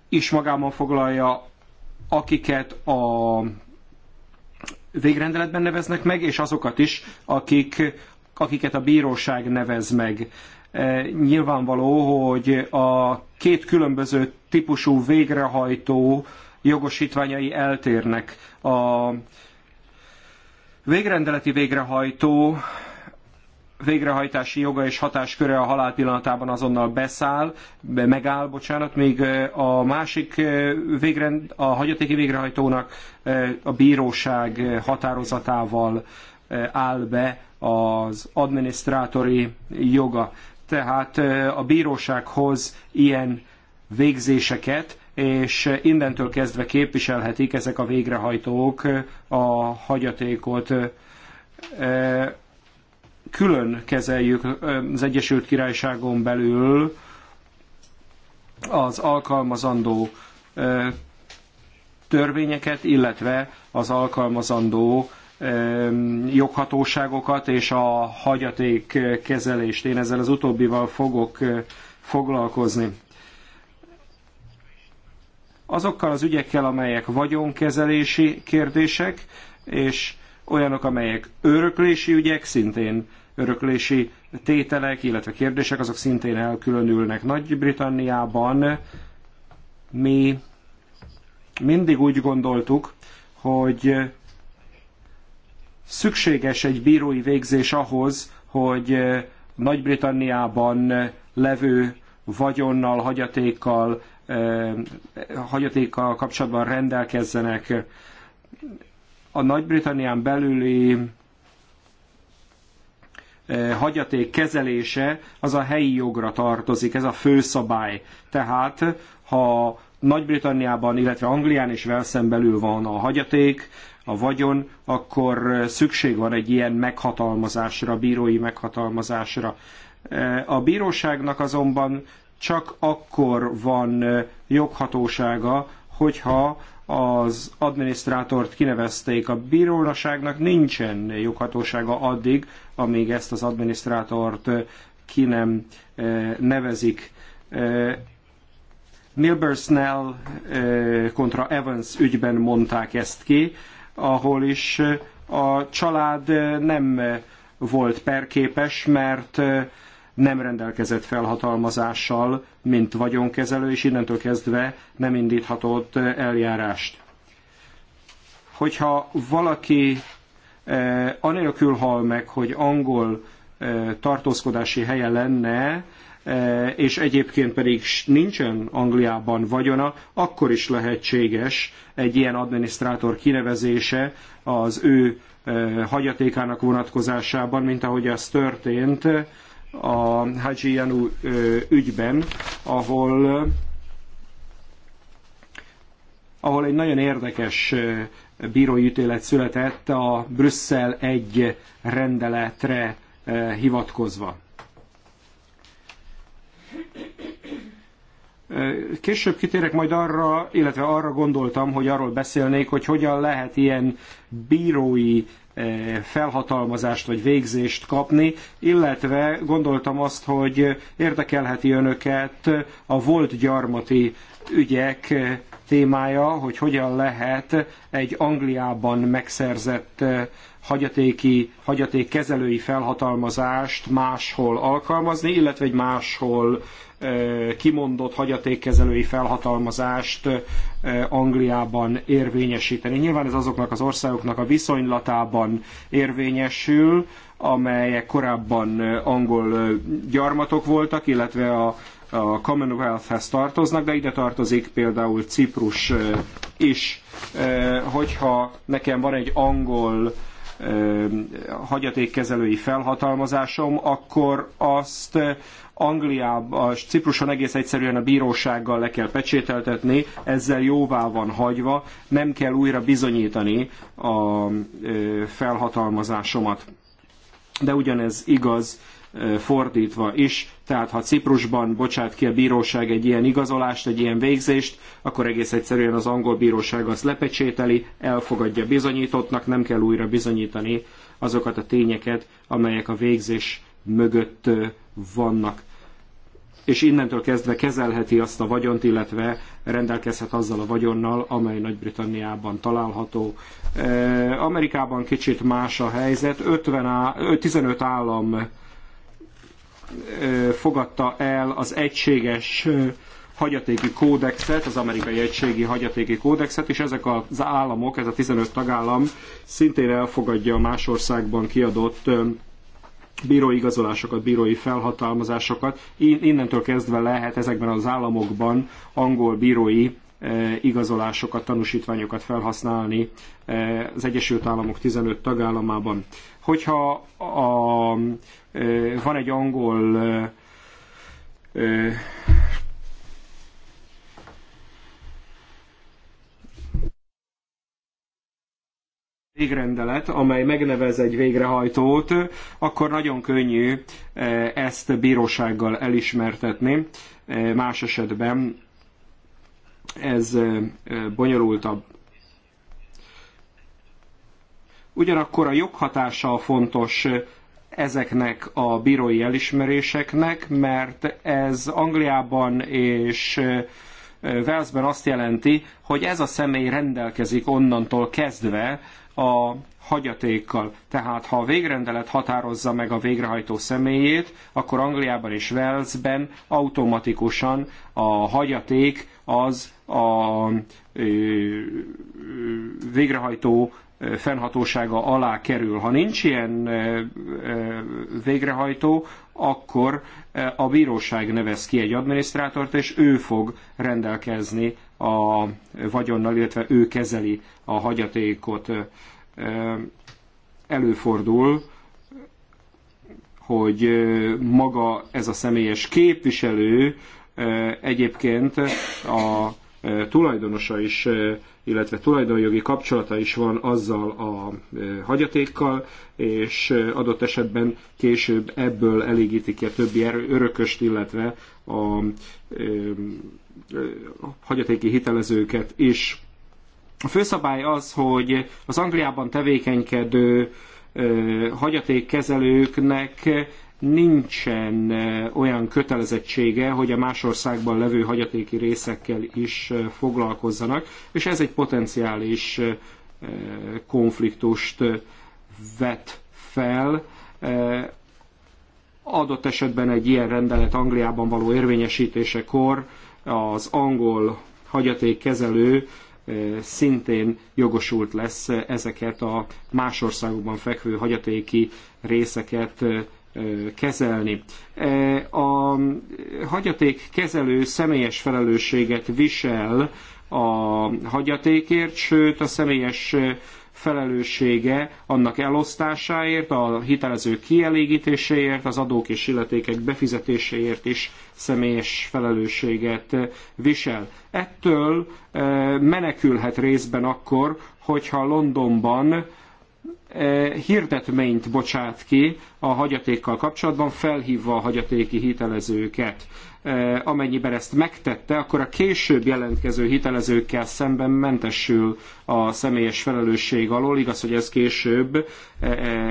is magában foglalja, akiket a végrendeletben neveznek meg, és azokat is, akik, akiket a bíróság nevez meg. E, nyilvánvaló, hogy a két különböző típusú végrehajtó jogosítványai eltérnek. A végrendeleti végrehajtó végrehajtási joga és hatásköre a halál pillanatában azonnal beszáll, megáll, bocsánat, még e, a másik e, végrend, a hagyatéki végrehajtónak a bíróság határozatával áll be az adminisztrátori joga tehát a bírósághoz ilyen végzéseket, és innentől kezdve képviselhetik ezek a végrehajtók a hagyatékot. Külön kezeljük az Egyesült Királyságon belül az alkalmazandó törvényeket, illetve az alkalmazandó joghatóságokat és a hagyaték kezelést. Én ezzel az utóbbival fogok eh, foglalkozni. Azokkal az ügyekkel, amelyek vagyonkezelési kérdések, és olyanok, amelyek öröklési ügyek, szintén öröklési tételek, illetve kérdések, azok szintén elkülönülnek. Nagy-Britanniában mi mindig úgy gondoltuk, hogy szükséges egy bírói végzés ahhoz, hogy eh, Nagy-Britanniában eh, levő vagyonnal, hagyatékkal, eh, hagyatékkal kapcsolatban rendelkezzenek. A Nagy-Britannián belüli hagyaték kezelése az a helyi jogra tartozik, ez a főszabály. Tehát, ha nagy-Britanniában, illetve Anglián és Velszen belül van a hagyaték, a vagyon, akkor szükség van egy ilyen meghatalmazásra, bírói meghatalmazásra. A bíróságnak azonban csak akkor van joghatósága, hogyha az adminisztrátort kinevezték a bíróságnak, nincsen joghatósága addig, amíg ezt az adminisztrátort ki nem nevezik. Milber Snell kontra Evans ügyben mondták ezt ki, ahol is a család nem volt perképes, mert nem rendelkezett felhatalmazással, mint vagyonkezelő, és innentől kezdve nem indíthatott eljárást. Hogyha valaki anélkül hal meg, hogy angol tartózkodási helye lenne, E, és egyébként pedig nincsen Angliában vagyona, akkor is lehetséges egy ilyen adminisztrátor kinevezése az ő e, hagyatékának vonatkozásában, mint ahogy ez történt a Haji Janu e, ügyben, ahol ahol egy nagyon érdekes bírói ítélet született a Brüsszel egy rendeletre hivatkozva. Később kitérek majd arra, illetve arra gondoltam, hogy arról beszélnék, hogy hogyan lehet ilyen bírói eh, felhatalmazást vagy végzést kapni, illetve gondoltam azt, hogy érdekelheti önöket a volt gyarmati ügyek eh, témája, hogy hogyan lehet egy Angliában megszerzett eh, hagyatéki, hagyatékkezelői felhatalmazást máshol alkalmazni, illetve egy máshol Eh, kimondott hagyatékkezelői felhatalmazást eh, Angliában érvényesíteni. Nyilván ez azoknak az országoknak a viszonylatában érvényesül, amelyek korábban eh, angol gyarmatok voltak, illetve a, a Commonwealth-hez tartoznak, de ide tartozik például Ciprus is. Hogyha nekem van egy angol hagyatékkezelői felhatalmazásom, akkor azt Angliában, Cipruson egész egyszerűen a bírósággal le kell pecsételtetni, ezzel jóvá van hagyva, nem kell újra bizonyítani a felhatalmazásomat. De ugyanez igaz fordítva is, tehát ha Ciprusban bocsát ki a bíróság egy ilyen igazolást, egy ilyen végzést, akkor egész egyszerűen az angol bíróság azt lepecsételi, elfogadja bizonyítottnak, nem kell újra bizonyítani azokat a tényeket, amelyek a végzés mögött vannak és innentől kezdve kezelheti azt a vagyont, illetve rendelkezhet azzal a vagyonnal, amely Nagy-Britanniában található. E, Amerikában kicsit más a helyzet, 50 á, 15 állam e, fogadta el az egységes e, hagyatéki kódexet, az amerikai egységi hagyatéki kódexet, és ezek az államok, ez a 15 tagállam szintén elfogadja a más országban kiadott bírói igazolásokat, bírói felhatalmazásokat. Innentől kezdve lehet ezekben az államokban angol bírói e, igazolásokat, tanúsítványokat felhasználni e, az Egyesült Államok 15 tagállamában. Hogyha a, e, van egy angol végrendelet, amely megnevez egy végrehajtót, akkor nagyon könnyű e, ezt bírósággal elismertetni. E, más esetben ez e, bonyolultabb. Ugyanakkor a joghatása fontos ezeknek a bírói elismeréseknek, mert ez Angliában és Velszben azt jelenti, hogy ez a személy rendelkezik onnantól kezdve a hagyatékkal. Tehát ha a végrendelet határozza meg a végrehajtó személyét, akkor Angliában és Walesben automatikusan a hagyaték az a végrehajtó fennhatósága alá kerül. Ha nincs ilyen végrehajtó, akkor a bíróság nevez ki egy adminisztrátort, és ő fog rendelkezni a vagyonnal, illetve ő kezeli a hagyatékot. Előfordul, hogy maga ez a személyes képviselő egyébként a tulajdonosa is, illetve tulajdonjogi kapcsolata is van azzal a hagyatékkal, és adott esetben később ebből elégíti ki a többi örököst, illetve a hagyatéki hitelezőket is. A főszabály az, hogy az Angliában tevékenykedő hagyatékkezelőknek nincsen olyan kötelezettsége, hogy a más országban levő hagyatéki részekkel is foglalkozzanak, és ez egy potenciális konfliktust vet fel. Adott esetben egy ilyen rendelet Angliában való érvényesítésekor az angol hagyatékkezelő eh, szintén jogosult lesz eh, ezeket a más országokban fekvő hagyatéki részeket eh, kezelni. A hagyatékkezelő személyes felelősséget visel a hagyatékért, sőt a személyes felelőssége annak elosztásáért, a hitelező kielégítéséért, az adók és illetékek befizetéséért is személyes felelősséget visel. Ettől eh, menekülhet részben akkor, hogyha Londonban E, hirdetményt bocsát ki a hagyatékkal kapcsolatban, felhívva a hagyatéki hitelezőket. E, amennyiben ezt megtette, akkor a később jelentkező hitelezőkkel szemben mentesül a személyes felelősség alól. Igaz, hogy ez később, e,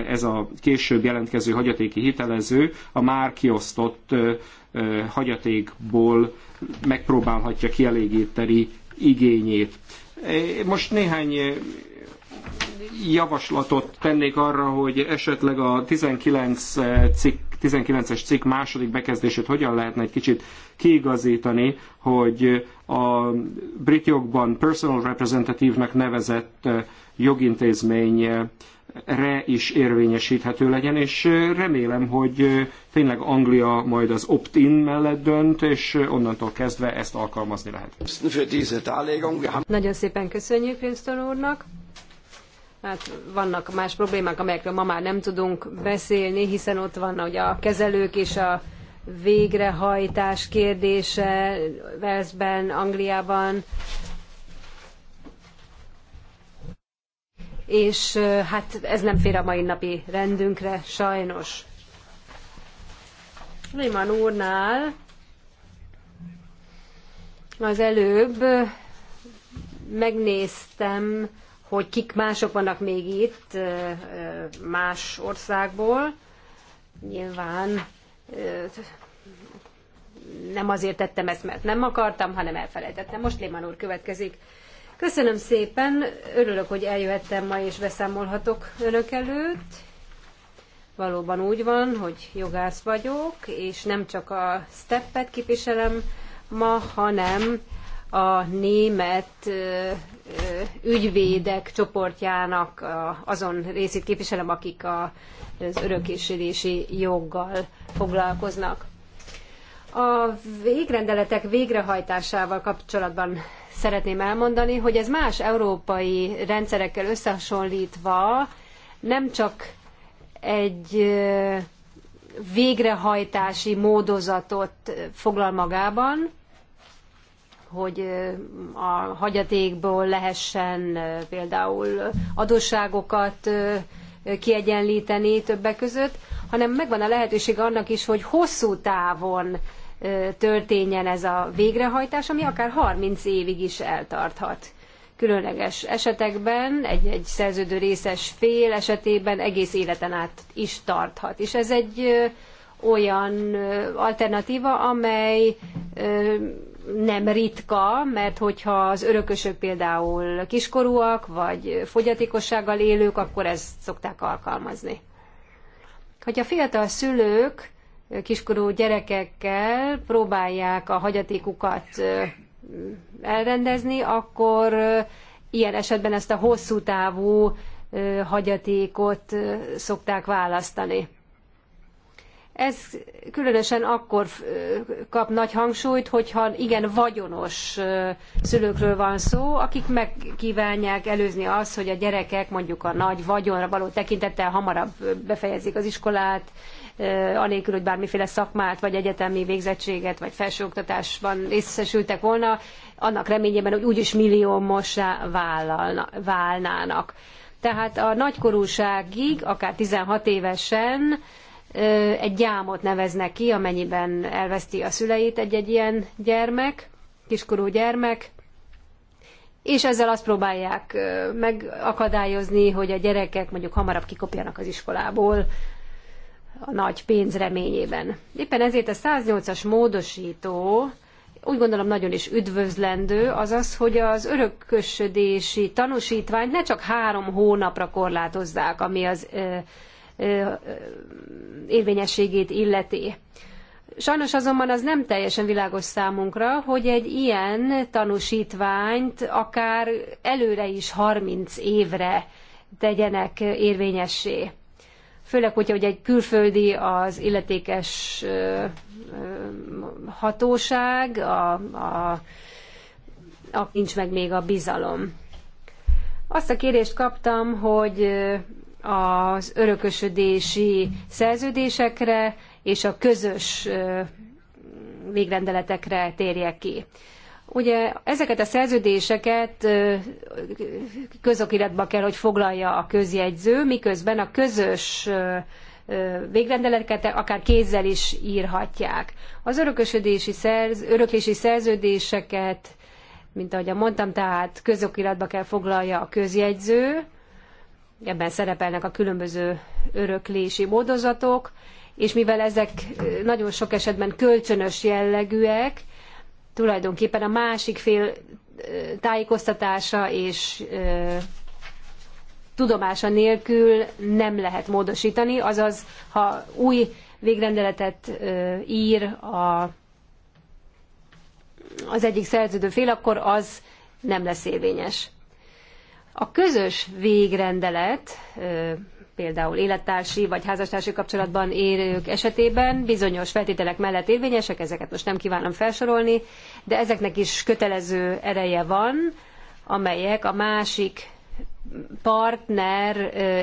ez a később jelentkező hagyatéki hitelező a már kiosztott hagyatékból megpróbálhatja kielégíteni igényét. Most néhány javaslatot tennék arra, hogy esetleg a 19 eh, cikk 19-es cikk második bekezdését hogyan lehetne egy kicsit kiigazítani, hogy a brit jogban personal representative-nek nevezett eh, jogintézmény re is érvényesíthető legyen, és eh, remélem, hogy tényleg Anglia majd az opt-in mellett dönt, és onnantól kezdve ezt alkalmazni lehet. Nagyon szépen köszönjük Princeton úrnak. Hát vannak más problémák, amelyekről ma már nem tudunk beszélni, hiszen ott van hogy a kezelők és a végrehajtás kérdése Velszben, Angliában. És hát ez nem fér a mai napi rendünkre, sajnos. Liman úrnál az előbb megnéztem, hogy kik mások vannak még itt más országból. Nyilván nem azért tettem ezt, mert nem akartam, hanem elfelejtettem. Most Léman úr következik. Köszönöm szépen, örülök, hogy eljöhettem ma és beszámolhatok önök előtt. Valóban úgy van, hogy jogász vagyok, és nem csak a steppet képviselem ma, hanem a német ügyvédek csoportjának azon részét képviselem, akik az örökésülési joggal foglalkoznak. A végrendeletek végrehajtásával kapcsolatban szeretném elmondani, hogy ez más európai rendszerekkel összehasonlítva nem csak egy végrehajtási módozatot foglal magában, hogy a hagyatékból lehessen például adósságokat kiegyenlíteni többek között, hanem megvan a lehetőség annak is, hogy hosszú távon történjen ez a végrehajtás, ami akár 30 évig is eltarthat. Különleges esetekben egy-egy szerződő részes fél esetében egész életen át is tarthat. És ez egy olyan alternatíva, amely nem ritka, mert hogyha az örökösök például kiskorúak, vagy fogyatékossággal élők, akkor ezt szokták alkalmazni. Hogyha a fiatal szülők kiskorú gyerekekkel próbálják a hagyatékukat elrendezni, akkor ilyen esetben ezt a hosszú távú hagyatékot szokták választani. Ez különösen akkor kap nagy hangsúlyt, hogyha igen vagyonos szülőkről van szó, akik megkívánják előzni azt, hogy a gyerekek mondjuk a nagy vagyonra való tekintettel hamarabb befejezik az iskolát, anélkül, hogy bármiféle szakmát, vagy egyetemi végzettséget, vagy felsőoktatásban részesültek volna, annak reményében, hogy úgyis milliómosá válnának. Tehát a nagykorúságig, akár 16 évesen egy gyámot neveznek ki, amennyiben elveszti a szüleit egy-egy ilyen gyermek, kiskorú gyermek, és ezzel azt próbálják megakadályozni, hogy a gyerekek mondjuk hamarabb kikopjanak az iskolából a nagy pénz reményében. Éppen ezért a 108-as módosító úgy gondolom nagyon is üdvözlendő, az az, hogy az örökösödési tanúsítványt ne csak három hónapra korlátozzák, ami az érvényességét illeti. Sajnos azonban az nem teljesen világos számunkra, hogy egy ilyen tanúsítványt akár előre is 30 évre tegyenek érvényessé. Főleg, hogyha hogy egy külföldi az illetékes hatóság, a, a, a, nincs meg még a bizalom. Azt a kérést kaptam, hogy az örökösödési szerződésekre és a közös végrendeletekre térjek ki. Ugye ezeket a szerződéseket közokiratba kell, hogy foglalja a közjegyző, miközben a közös végrendeleteket akár kézzel is írhatják. Az örökösödési szerz, öröklési szerződéseket, mint ahogy mondtam, tehát közokiratba kell foglalja a közjegyző, ebben szerepelnek a különböző öröklési módozatok, és mivel ezek nagyon sok esetben kölcsönös jellegűek, tulajdonképpen a másik fél tájékoztatása és tudomása nélkül nem lehet módosítani, azaz ha új végrendeletet ír a, az egyik szerződő fél, akkor az nem lesz érvényes. A közös végrendelet, például élettársi vagy házastársi kapcsolatban élők esetében bizonyos feltételek mellett érvényesek, ezeket most nem kívánom felsorolni, de ezeknek is kötelező ereje van, amelyek a másik partner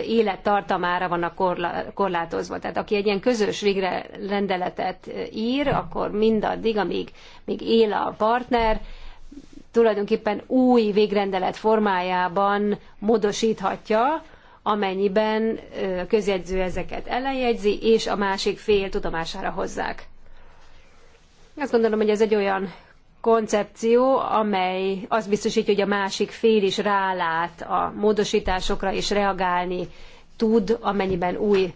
élettartamára vannak korlátozva. Tehát aki egy ilyen közös végre rendeletet ír, akkor mindaddig, amíg még él a partner, tulajdonképpen új végrendelet formájában módosíthatja, amennyiben közjegyző ezeket ellenjegyzi, és a másik fél tudomására hozzák. Azt gondolom, hogy ez egy olyan koncepció, amely azt biztosítja, hogy a másik fél is rálát a módosításokra, és reagálni tud, amennyiben új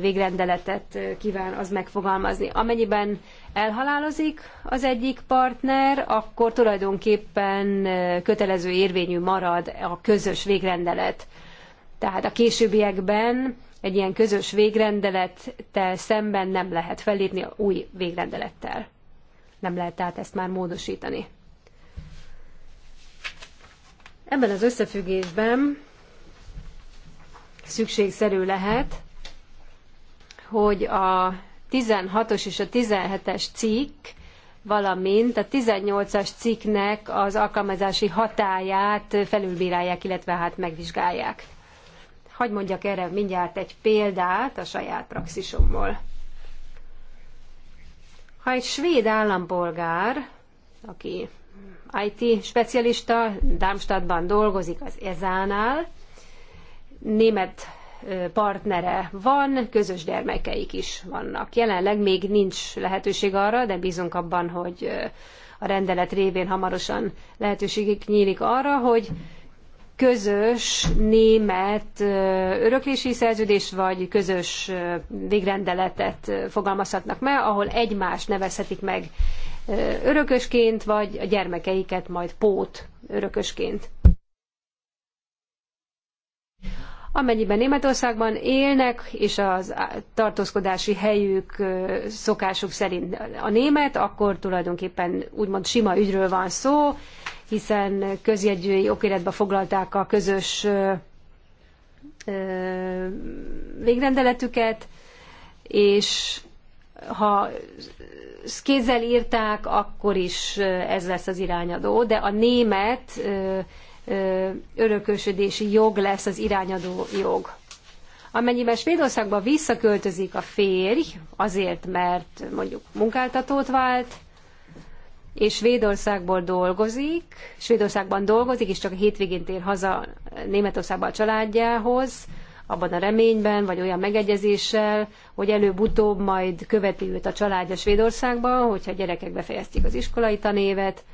végrendeletet kíván az megfogalmazni. Amennyiben elhalálozik az egyik partner, akkor tulajdonképpen kötelező érvényű marad a közös végrendelet. Tehát a későbbiekben egy ilyen közös végrendelettel szemben nem lehet fellépni új végrendelettel. Nem lehet tehát ezt már módosítani. Ebben az összefüggésben szükségszerű lehet, hogy a 16-os és a 17-es cikk, valamint a 18-as cikknek az alkalmazási hatáját felülbírálják, illetve hát megvizsgálják. Hagy mondjak erre mindjárt egy példát a saját praxisommal. Ha egy svéd állampolgár, aki IT specialista, Darmstadtban dolgozik az ezánál, német partnere van, közös gyermekeik is vannak. Jelenleg még nincs lehetőség arra, de bízunk abban, hogy a rendelet révén hamarosan lehetőségük nyílik arra, hogy közös német öröklési szerződés vagy közös végrendeletet fogalmazhatnak meg, ahol egymást nevezhetik meg örökösként, vagy a gyermekeiket majd pót örökösként. amennyiben Németországban élnek, és a tartózkodási helyük szokásuk szerint a német, akkor tulajdonképpen úgymond sima ügyről van szó, hiszen közjegyűi okiratba foglalták a közös végrendeletüket, és ha kézzel írták, akkor is ez lesz az irányadó, de a német örökösödési jog lesz az irányadó jog. Amennyiben Svédországba visszaköltözik a férj, azért, mert mondjuk munkáltatót vált, és Svédországból dolgozik, Svédországban dolgozik, és csak a hétvégén tér haza Németországba a családjához, abban a reményben, vagy olyan megegyezéssel, hogy előbb-utóbb majd követi őt a családja Svédországban, hogyha gyerekek befejezték az iskolai tanévet,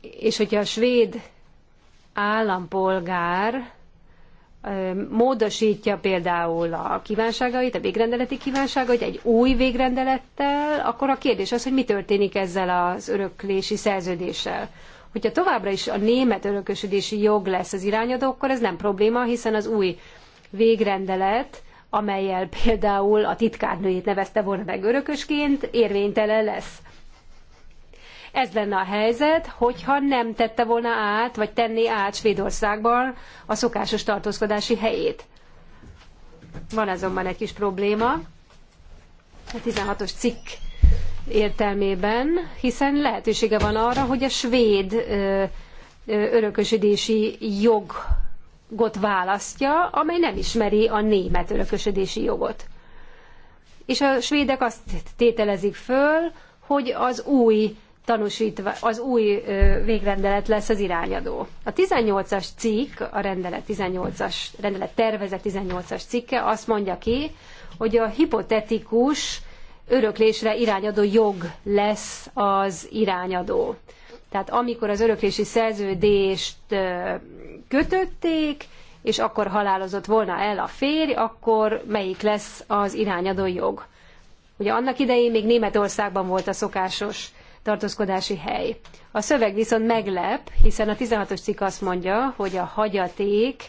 és hogyha a svéd állampolgár módosítja például a kívánságait, a végrendeleti kívánságait egy új végrendelettel, akkor a kérdés az, hogy mi történik ezzel az öröklési szerződéssel. Hogyha továbbra is a német örökösödési jog lesz az irányadó, akkor ez nem probléma, hiszen az új végrendelet, amelyel például a titkárnőjét nevezte volna meg örökösként, érvénytelen lesz. Ez lenne a helyzet, hogyha nem tette volna át, vagy tenné át Svédországban a szokásos tartózkodási helyét. Van azonban egy kis probléma. A 16-os cikk értelmében, hiszen lehetősége van arra, hogy a svéd örökösödési jogot választja, amely nem ismeri a német örökösödési jogot. És a svédek azt tételezik föl, hogy az új tanúsítva, az új végrendelet lesz az irányadó. A 18-as cikk, a rendelet 18-as, rendelet tervezet 18-as cikke azt mondja ki, hogy a hipotetikus öröklésre irányadó jog lesz az irányadó. Tehát amikor az öröklési szerződést kötötték, és akkor halálozott volna el a férj, akkor melyik lesz az irányadó jog? Ugye annak idején még Németországban volt a szokásos tartózkodási hely. A szöveg viszont meglep, hiszen a 16-os cikk azt mondja, hogy a hagyaték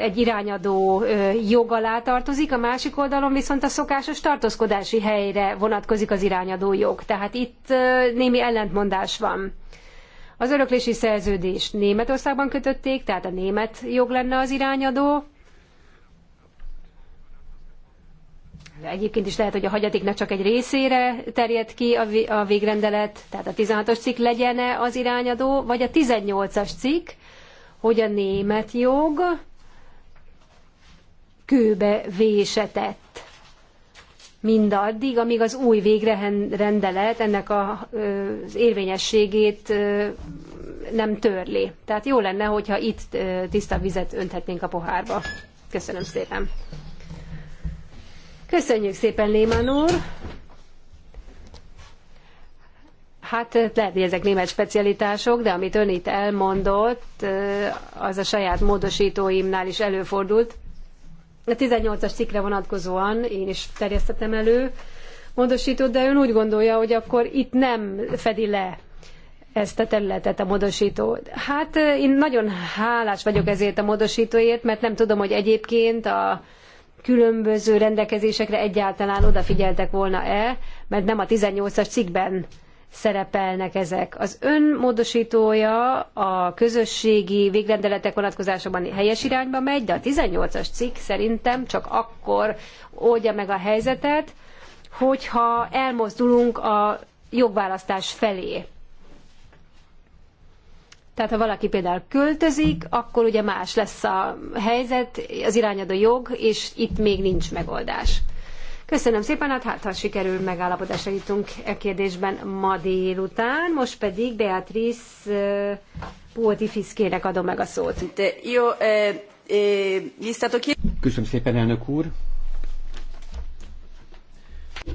egy irányadó jog alá tartozik, a másik oldalon viszont a szokásos tartózkodási helyre vonatkozik az irányadó jog. Tehát itt némi ellentmondás van. Az öröklési szerződést Németországban kötötték, tehát a német jog lenne az irányadó, egyébként is lehet, hogy a hagyatéknak csak egy részére terjed ki a végrendelet, tehát a 16 as cikk e az irányadó, vagy a 18-as cikk, hogy a német jog kőbe vésetett mindaddig, amíg az új végrendelet ennek a, az érvényességét nem törli. Tehát jó lenne, hogyha itt tiszta vizet önthetnénk a pohárba. Köszönöm szépen. Köszönjük szépen, Léman úr! Hát lehet, hogy ezek német specialitások, de amit ön itt elmondott, az a saját módosítóimnál is előfordult. A 18-as cikkre vonatkozóan én is terjesztettem elő módosítót, de ön úgy gondolja, hogy akkor itt nem fedi le ezt a területet a módosító. Hát én nagyon hálás vagyok ezért a módosítóért, mert nem tudom, hogy egyébként a különböző rendelkezésekre egyáltalán odafigyeltek volna-e, mert nem a 18-as cikkben szerepelnek ezek. Az ön módosítója a közösségi végrendeletek vonatkozásában helyes irányba megy, de a 18-as cikk szerintem csak akkor oldja meg a helyzetet, hogyha elmozdulunk a jogválasztás felé. Tehát ha valaki például költözik, akkor ugye más lesz a helyzet, az irányadó jog, és itt még nincs megoldás. Köszönöm szépen, hát, hát ha sikerül megállapodásra jutunk e kérdésben ma délután, most pedig Beatrice Póti Fiszkének adom meg a szót. Jó, Köszönöm szépen, elnök úr.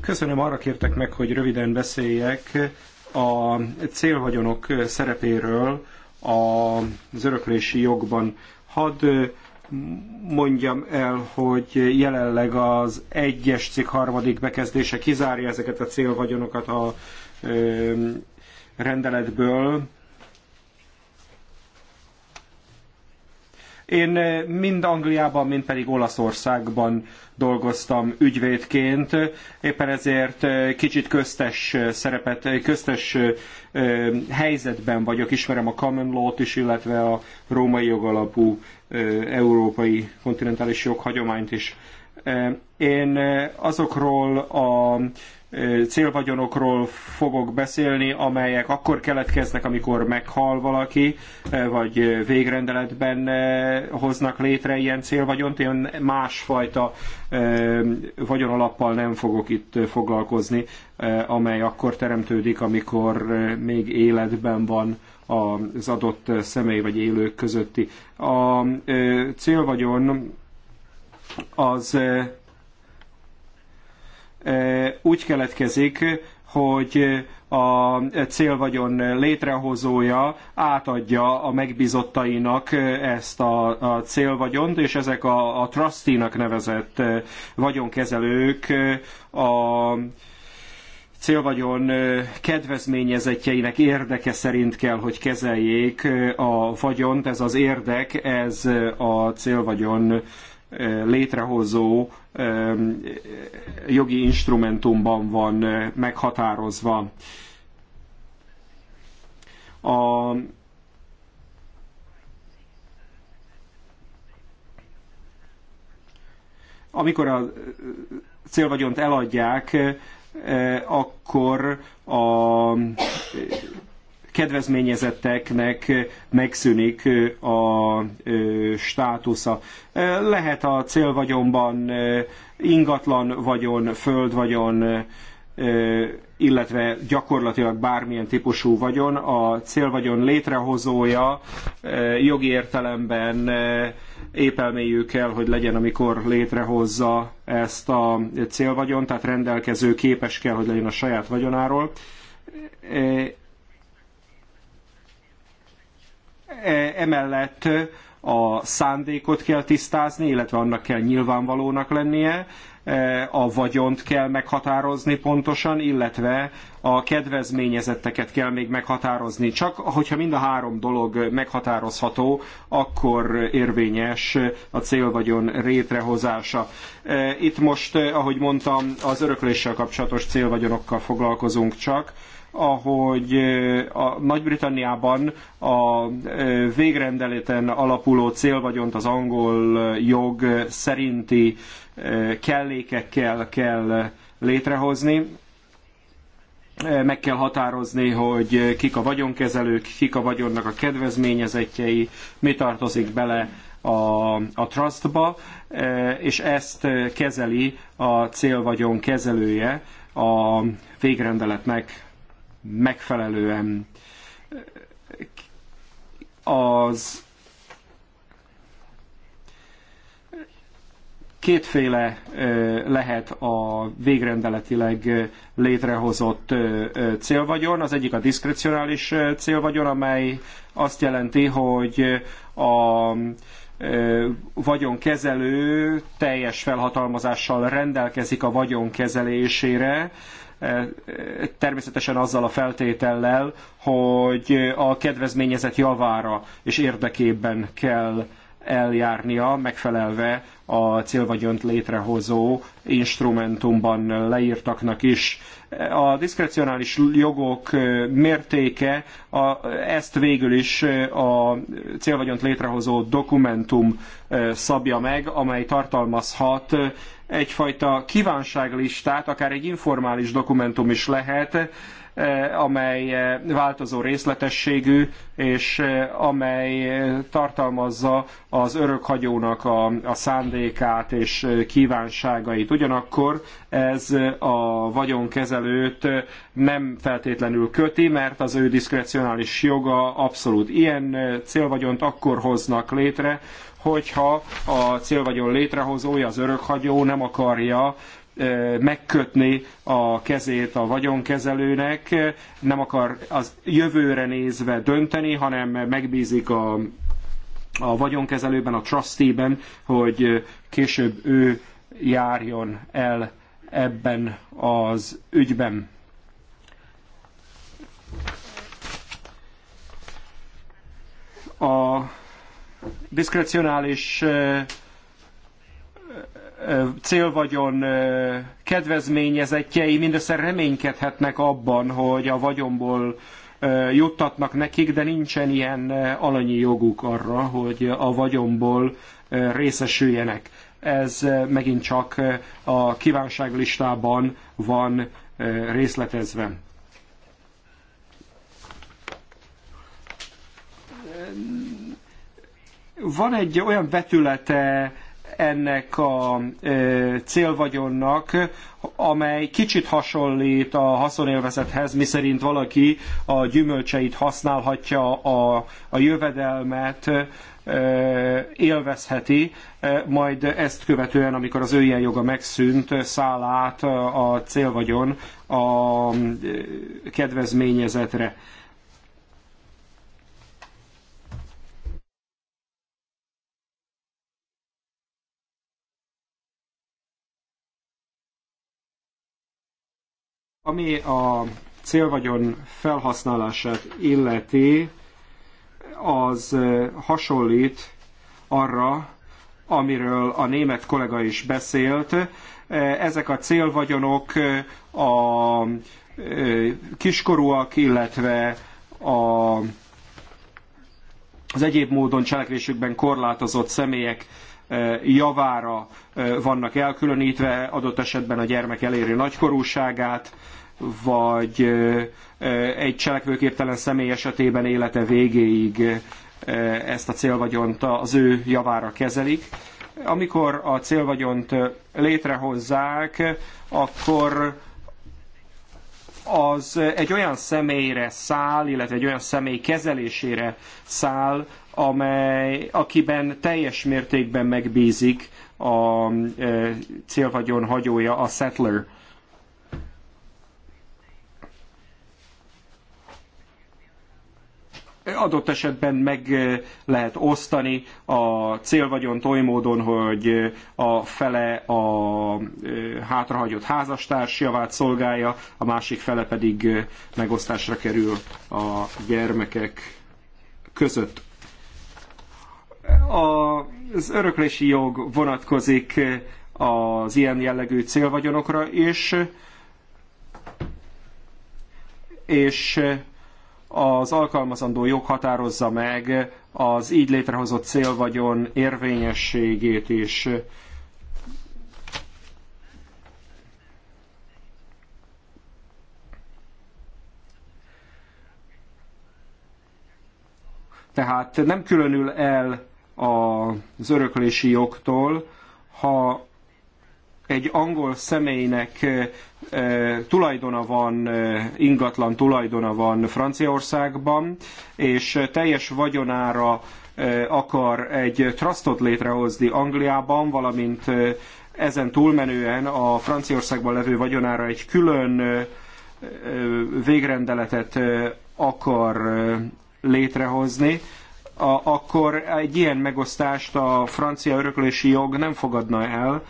Köszönöm, arra kértek meg, hogy röviden beszéljek a célvagyonok szerepéről az öröklési jogban. Hadd mondjam el, hogy jelenleg az egyes cikk harmadik bekezdése kizárja ezeket a célvagyonokat a rendeletből, Én eh, mind Angliában, mind pedig Olaszországban dolgoztam ügyvédként, éppen ezért eh, kicsit köztes eh, szerepet, köztes helyzetben vagyok, ismerem a common law-t is, illetve a római jogalapú európai kontinentális joghagyományt is. Én azokról a célvagyonokról fogok beszélni, amelyek akkor keletkeznek, amikor meghal valaki, vagy végrendeletben hoznak létre ilyen célvagyont. Én másfajta vagyonalappal nem fogok itt foglalkozni, amely akkor teremtődik, amikor még életben van az adott személy vagy élők közötti. A célvagyon az úgy keletkezik, hogy a célvagyon létrehozója átadja a megbizottainak ezt a, a célvagyont, és ezek a, a trustinak nevezett vagyonkezelők a célvagyon kedvezményezetjeinek érdeke szerint kell, hogy kezeljék a vagyont. Ez az érdek, ez a célvagyon létrehozó jogi instrumentumban van meghatározva. A amikor a célvagyont eladják, akkor a kedvezményezetteknek megszűnik a státusza. Lehet a célvagyonban ingatlan vagyon, földvagyon, illetve gyakorlatilag bármilyen típusú vagyon. A célvagyon létrehozója jogi értelemben épp kell, hogy legyen, amikor létrehozza ezt a célvagyont, tehát rendelkező képes kell, hogy legyen a saját vagyonáról. E, emellett a szándékot kell tisztázni, illetve annak kell nyilvánvalónak lennie, e, a vagyont kell meghatározni pontosan, illetve a kedvezményezetteket kell még meghatározni. Csak hogyha mind a három dolog meghatározható, akkor érvényes a célvagyon rétrehozása. E, itt most, eh, ahogy mondtam, az örökléssel kapcsolatos célvagyonokkal foglalkozunk csak ahogy a Nagy-Britanniában a végrendeleten alapuló célvagyont az angol jog szerinti kellékekkel kell létrehozni. Meg kell határozni, hogy kik a vagyonkezelők, kik a vagyonnak a kedvezményezettjei, mi tartozik bele a, a trustba, és ezt kezeli a célvagyon kezelője a végrendeletnek megfelelően. Az kétféle lehet a végrendeletileg létrehozott célvagyon. Az egyik a diszkrecionális célvagyon, amely azt jelenti, hogy a vagyonkezelő teljes felhatalmazással rendelkezik a vagyon kezelésére, természetesen azzal a feltétellel, hogy a kedvezményezett javára és érdekében kell eljárnia, megfelelve a célvagyont létrehozó instrumentumban leírtaknak is. A diszkrecionális jogok mértéke a, ezt végül is a célvagyont létrehozó dokumentum eh, szabja meg, amely tartalmazhat egyfajta kívánságlistát, akár egy informális dokumentum is lehet, Eh, amely eh, változó részletességű, és eh, amely tartalmazza az örökhagyónak a, a szándékát és kívánságait. Ugyanakkor ez a vagyonkezelőt nem feltétlenül köti, mert az ő diszkrecionális joga abszolút. Ilyen célvagyont akkor hoznak létre, hogyha a célvagyon létrehozója, az örökhagyó nem akarja megkötni a kezét a vagyonkezelőnek, nem akar az jövőre nézve dönteni, hanem megbízik a, a vagyonkezelőben, a trustee-ben, hogy később ő járjon el ebben az ügyben. A diszkrecionális célvagyon kedvezményezettjei mindössze reménykedhetnek abban, hogy a vagyomból juttatnak nekik, de nincsen ilyen alanyi joguk arra, hogy a vagyomból részesüljenek. Ez megint csak a kívánságlistában van részletezve. Van egy olyan vetülete ennek a célvagyonnak, amely kicsit hasonlít a haszonélvezethez, miszerint valaki a gyümölcseit használhatja, a, a jövedelmet élvezheti, majd ezt követően, amikor az ő ilyen joga megszűnt, száll át a célvagyon a kedvezményezetre. Ami a célvagyon felhasználását illeti, az hasonlít arra, amiről a német kollega is beszélt. Ezek a célvagyonok a kiskorúak, illetve a, az egyéb módon cselekvésükben korlátozott személyek javára vannak elkülönítve, adott esetben a gyermek eléri nagykorúságát, vagy egy cselekvőképtelen személy esetében élete végéig ezt a célvagyont az ő javára kezelik. Amikor a célvagyont létrehozzák, akkor az egy olyan személyre száll, illetve egy olyan személy kezelésére száll, amely, akiben teljes mértékben megbízik a célvagyon hagyója, a settler adott esetben meg lehet osztani a célvagyont oly módon, hogy a fele a hátrahagyott házastárs javát szolgálja, a másik fele pedig megosztásra kerül a gyermekek között. Az öröklési jog vonatkozik az ilyen jellegű célvagyonokra is, és, és az alkalmazandó jog határozza meg az így létrehozott célvagyon érvényességét is. Tehát nem különül el az öröklési jogtól, ha egy angol személynek tulajdona van, ingatlan tulajdona van Franciaországban, és teljes vagyonára akar egy trustot létrehozni Angliában, valamint ezen túlmenően a Franciaországban levő vagyonára egy külön végrendeletet akar létrehozni, akkor egy ilyen megosztást a francia öröklési jog nem fogadna el,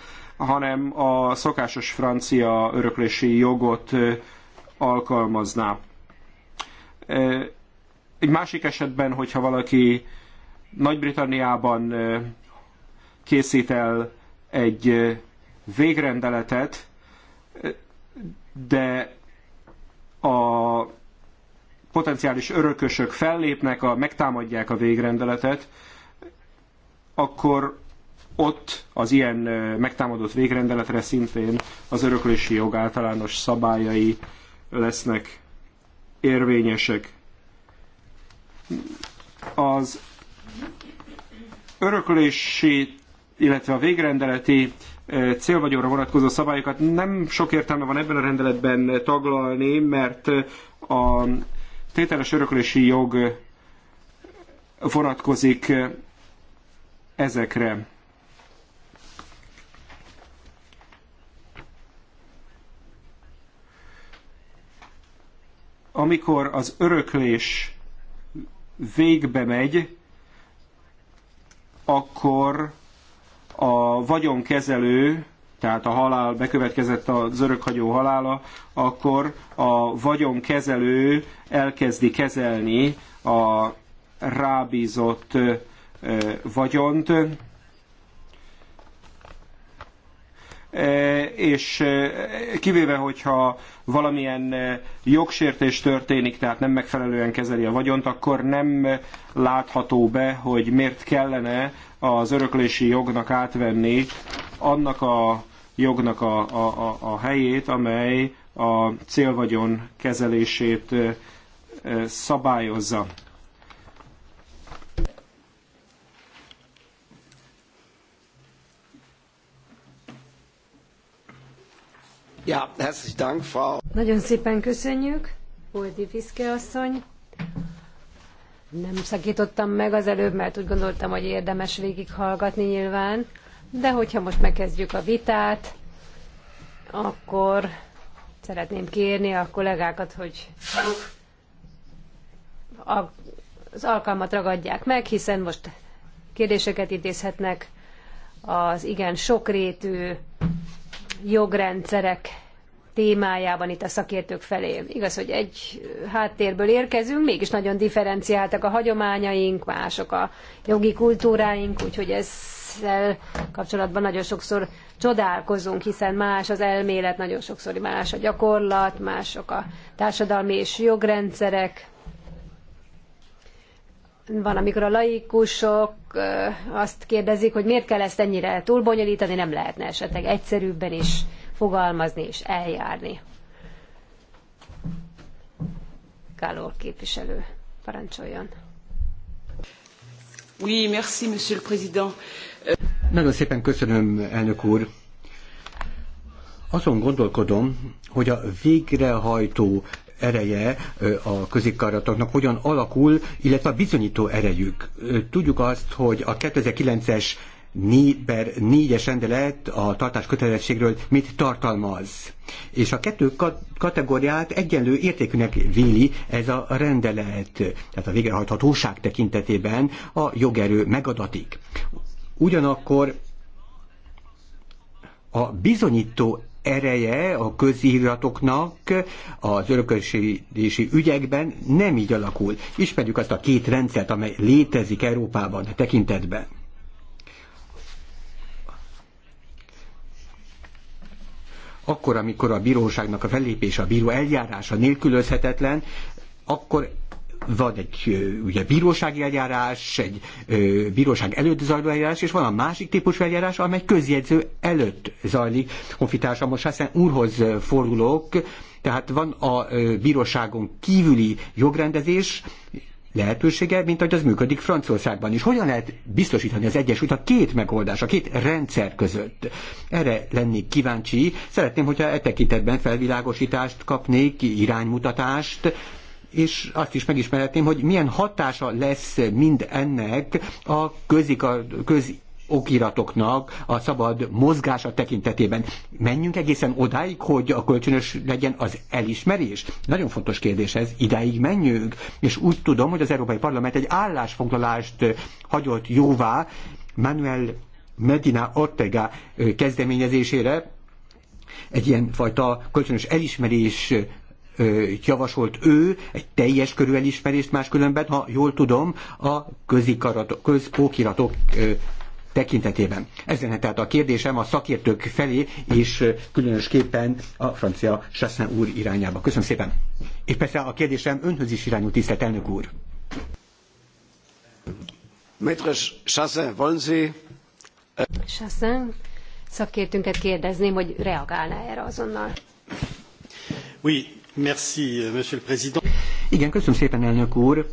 hanem a szokásos francia öröklési jogot alkalmazná. Egy másik esetben, hogyha valaki Nagy-Britanniában készít el egy végrendeletet, de a potenciális örökösök fellépnek, a, megtámadják a végrendeletet, akkor ott az ilyen megtámadott végrendeletre szintén az öröklési jog általános szabályai lesznek érvényesek. Az öröklési, illetve a végrendeleti célvagyonra vonatkozó szabályokat nem sok értelme van ebben a rendeletben taglalni, mert a tételes öröklési jog vonatkozik ezekre. amikor az öröklés végbe megy, akkor a vagyonkezelő, tehát a halál, bekövetkezett az örökhagyó halála, akkor a vagyonkezelő elkezdi kezelni a rábízott vagyont, Eh, és eh, kivéve, hogyha valamilyen eh, jogsértés történik, tehát nem megfelelően kezeli a vagyont, akkor nem látható be, hogy miért kellene az öröklési jognak átvenni annak a jognak a, a, a, helyét, amely a célvagyon kezelését szabályozza. Ja, herzlichen Dank, Frau. Nagyon szépen köszönjük, Boldi Fiszke asszony. Nem szakítottam meg az előbb, mert úgy gondoltam, hogy érdemes végighallgatni nyilván, de hogyha most megkezdjük a vitát, akkor szeretném kérni a kollégákat, hogy az alkalmat ragadják meg, hiszen most kérdéseket idézhetnek az igen sokrétű jogrendszerek témájában itt a szakértők felé. Igaz, hogy egy háttérből érkezünk, mégis nagyon differenciáltak a hagyományaink, mások a jogi kultúráink, úgyhogy ezzel kapcsolatban nagyon sokszor csodálkozunk, hiszen más az elmélet, nagyon sokszor más a gyakorlat, mások a társadalmi és jogrendszerek, van, amikor a laikusok azt kérdezik, hogy miért kell ezt ennyire túlbonyolítani, nem lehetne esetleg egyszerűbben is fogalmazni és eljárni. Kálor képviselő, parancsoljon. Oui, merci, monsieur le président. Nagyon szépen köszönöm, elnök úr. Azon gondolkodom, hogy a végrehajtó ereje a középkaratoknak hogyan alakul, illetve a bizonyító erejük. Tudjuk azt, hogy a 2009-es per 4-es rendelet a tartás kötelezettségről mit tartalmaz. És a kettő kategóriát egyenlő értékűnek véli ez a rendelet, tehát a végrehajthatóság tekintetében a jogerő megadatik. Ugyanakkor a bizonyító ereje a közíratoknak az örökösítési ügyekben nem így alakul. Ismerjük azt a két rendszert, amely létezik Európában a e tekintetben. Akkor, amikor a bíróságnak a fellépése, a bíró eljárása nélkülözhetetlen, akkor van egy ugye, bírósági eljárás, egy ö, bíróság előtt zajló eljárás, és van a másik típusú eljárás, amely közjegyző előtt zajlik. Honfitársam, most hiszen úrhoz fordulok, tehát van a ö, bíróságon kívüli jogrendezés, lehetősége, mint ahogy az működik Franciaországban is. Hogyan lehet biztosítani az egyesült a két megoldás, a két rendszer között? Erre lennék kíváncsi. Szeretném, hogyha e tekintetben felvilágosítást kapnék, iránymutatást, és azt is megismerhetném, hogy milyen hatása lesz mind ennek a a köz okiratoknak a szabad mozgása tekintetében. Menjünk egészen odáig, hogy a kölcsönös legyen az elismerés? Nagyon fontos kérdés ez, idáig menjünk. És úgy tudom, hogy az Európai Parlament egy állásfoglalást hagyott jóvá Manuel Medina Ortega kezdeményezésére, egy ilyen fajta kölcsönös elismerés javasolt ő, egy teljes körű elismerést máskülönben, ha jól tudom, a közokiratok tekintetében. Ez lenne tehát a kérdésem a szakértők felé, és különösképpen a francia Chassin úr irányába. Köszönöm szépen. És persze a kérdésem önhöz is irányú, tisztelt elnök úr. Métres Chassin, wollen Sie... Chassin, szakértőnket kérdezném, hogy reagálná erre azonnal. Oui, Merci, Monsieur le Président. Igen, köszönöm szépen, elnök úr.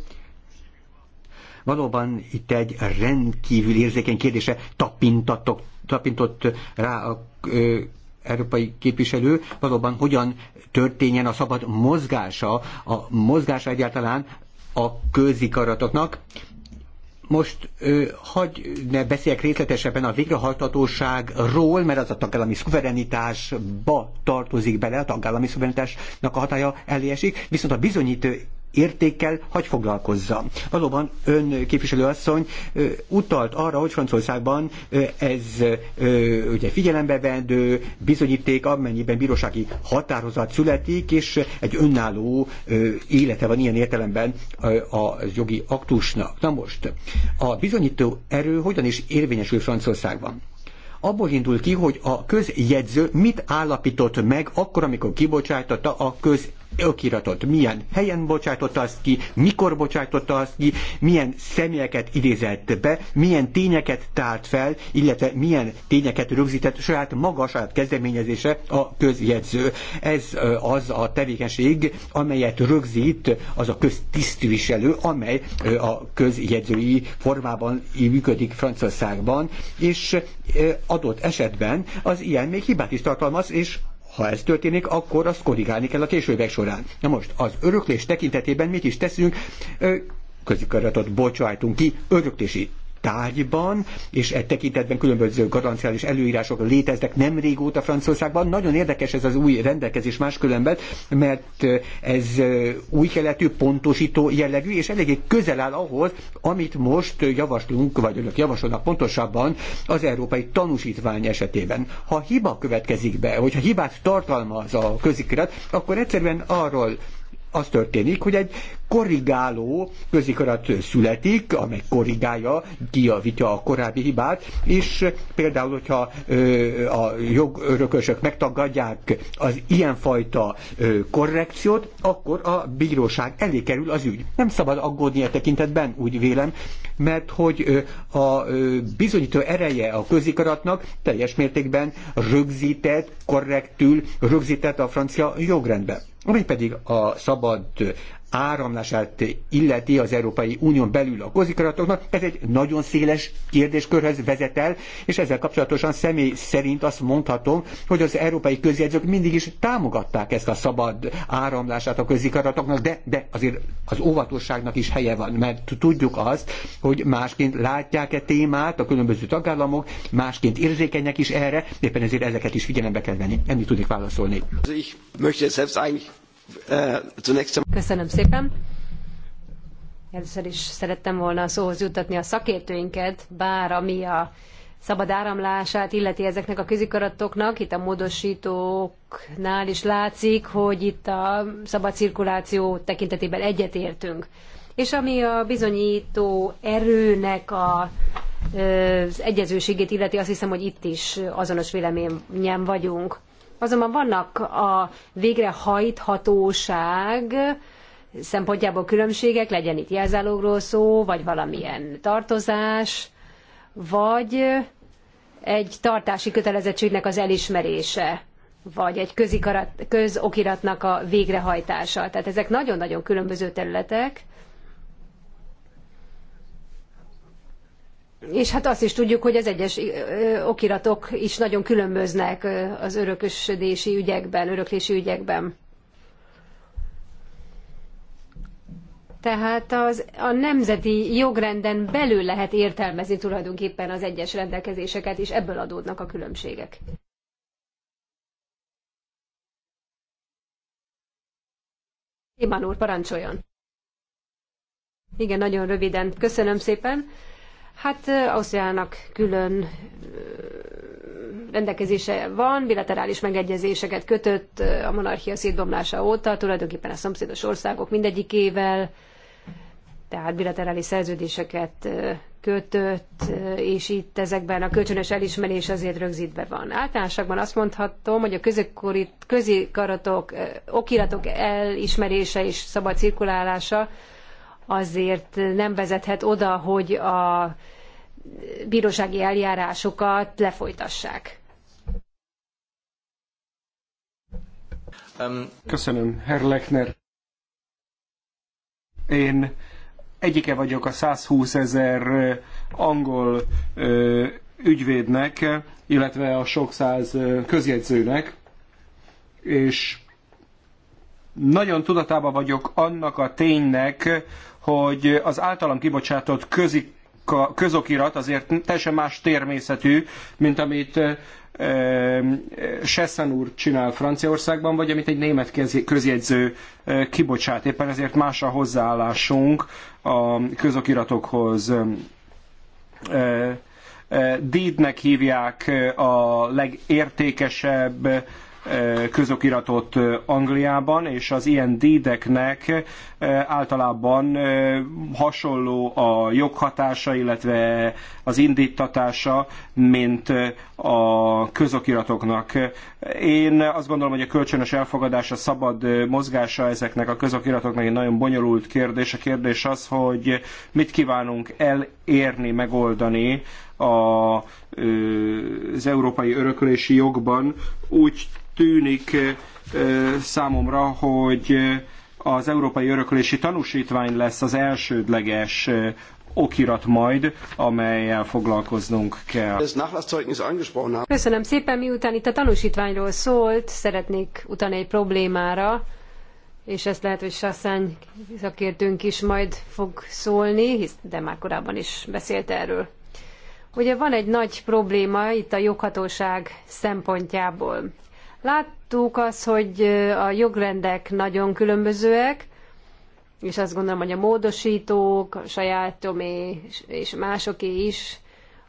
Valóban itt egy rendkívül érzékeny kérdése tapintatok, tapintott rá a ö, európai képviselő, valóban hogyan történjen a szabad mozgása, a mozgása egyáltalán a közikaratoknak, most hagy ne beszéljek részletesebben a végrehajtatóságról, mert az a tagállami szuverenitásba tartozik bele, a tagállami szuverenitásnak a hatája elé esik, viszont a bizonyító értékkel hagy foglalkozza. Valóban ön képviselőasszony utalt arra, hogy Franciaországban ez ugye figyelembe vendő bizonyíték, amennyiben bírósági határozat születik, és egy önálló élete van ilyen értelemben a jogi aktusnak. Na most, a bizonyító erő hogyan is érvényesül Franciaországban? abból indul ki, hogy a közjegyző mit állapított meg akkor, amikor kibocsájtotta a köz okiratot, milyen helyen bocsátotta azt ki, mikor bocsátotta azt ki, milyen személyeket idézett be, milyen tényeket tárt fel, illetve milyen tényeket rögzített saját maga, saját kezdeményezése a közjegyző. Ez az a tevékenység, amelyet rögzít az a köztisztviselő, amely a közjegyzői formában működik Franciaországban, és adott esetben az ilyen még hibát is tartalmaz, és ha ez történik, akkor azt korrigálni kell a későbbek során. Na most, az öröklés tekintetében mit is teszünk? Közikaratot bocsájtunk ki öröklési tárgyban, és e tekintetben különböző garanciális előírások léteznek nem régóta Franciaországban. Nagyon érdekes ez az új rendelkezés máskülönben, mert eh, ez eh, új keletű, pontosító jellegű, és eléggé közel áll ahhoz, amit most javaslunk, vagy önök javasolnak pontosabban az európai tanúsítvány esetében. Ha hiba következik be, hogyha hibát tartalmaz a közikirat, akkor egyszerűen arról az történik, hogy egy korrigáló közikarat születik, amely korrigálja, kiavítja a korábbi hibát, és például, hogyha a jogörökösök megtagadják az ilyenfajta korrekciót, akkor a bíróság elé kerül az ügy. Nem szabad aggódni a e tekintetben, úgy vélem, mert hogy a bizonyító ereje a közikaratnak teljes mértékben rögzített, korrektül rögzített a francia jogrendben ami pedig a szabad áramlását illeti az Európai Unión belül a kozikaratoknak, ez egy nagyon széles kérdéskörhöz vezet el, és ezzel kapcsolatosan személy szerint azt mondhatom, hogy az európai közjegyzők mindig is támogatták ezt a szabad áramlását a közikaratoknak, de, de azért az óvatosságnak is helye van, mert tudjuk azt, hogy másként látják-e témát a különböző tagállamok, másként érzékenyek is erre, éppen ezért ezeket is figyelembe kell venni. Ennyit tudnék válaszolni. Ich möchte selbst eigentlich Uh, Köszönöm szépen. Először is szerettem volna a szóhoz juttatni a szakértőinket, bár ami a szabad áramlását illeti ezeknek a közikaratoknak, itt a módosítóknál is látszik, hogy itt a szabad cirkuláció tekintetében egyetértünk. És ami a bizonyító erőnek a, az egyezőségét illeti, azt hiszem, hogy itt is azonos véleményen vagyunk. Azonban vannak a végrehajthatóság szempontjából különbségek, legyen itt jelzálogról szó, vagy valamilyen tartozás, vagy egy tartási kötelezettségnek az elismerése, vagy egy közokiratnak a végrehajtása. Tehát ezek nagyon-nagyon különböző területek, És hát azt is tudjuk, hogy az egyes okiratok is nagyon különböznek az örökösödési ügyekben, öröklési ügyekben. Tehát az, a nemzeti jogrenden belül lehet értelmezni tulajdonképpen az egyes rendelkezéseket, és ebből adódnak a különbségek. Imán úr, parancsoljon! Igen, nagyon röviden. Köszönöm szépen. Hát Ausztriának külön rendelkezése van, bilaterális megegyezéseket kötött a monarchia szétbomlása óta, tulajdonképpen a szomszédos országok mindegyikével, tehát bilaterális szerződéseket kötött, és itt ezekben a kölcsönös elismerés azért rögzítve van. Általánosakban azt mondhatom, hogy a közikaratok, okiratok elismerése és szabad cirkulálása azért nem vezethet oda, hogy a bírósági eljárásokat lefolytassák. Um, Köszönöm, Herr Lechner. Én egyike vagyok a 120 ezer angol ügyvédnek, illetve a sok száz közjegyzőnek, és nagyon tudatában vagyok annak a ténynek, hogy az általam kibocsátott közik, közokirat azért teljesen más természetű, mint amit Sessen úr csinál Franciaországban, vagy amit egy német közjegyző kibocsát. Éppen ezért más a hozzáállásunk a közokiratokhoz. Deednek hívják a legértékesebb közokiratot Angliában, és az ilyen dédeknek általában hasonló a joghatása, illetve az indítatása, mint a közokiratoknak. Én azt gondolom, hogy a kölcsönös elfogadása, szabad mozgása ezeknek a közokiratoknak egy nagyon bonyolult kérdés. A kérdés az, hogy mit kívánunk elérni, megoldani, a, az európai örökölési jogban úgy tűnik számomra, hogy az európai örökölési tanúsítvány lesz az elsődleges okirat majd, amelyel foglalkoznunk kell. Köszönöm szépen, miután itt a tanúsítványról szólt, szeretnék utána egy problémára, és ezt lehet, hogy Sasszány szakértőnk is majd fog szólni, de már korábban is beszélt erről. Ugye van egy nagy probléma itt a joghatóság szempontjából. Láttuk azt, hogy a jogrendek nagyon különbözőek, és azt gondolom, hogy a módosítók, a sajátomé és másoké is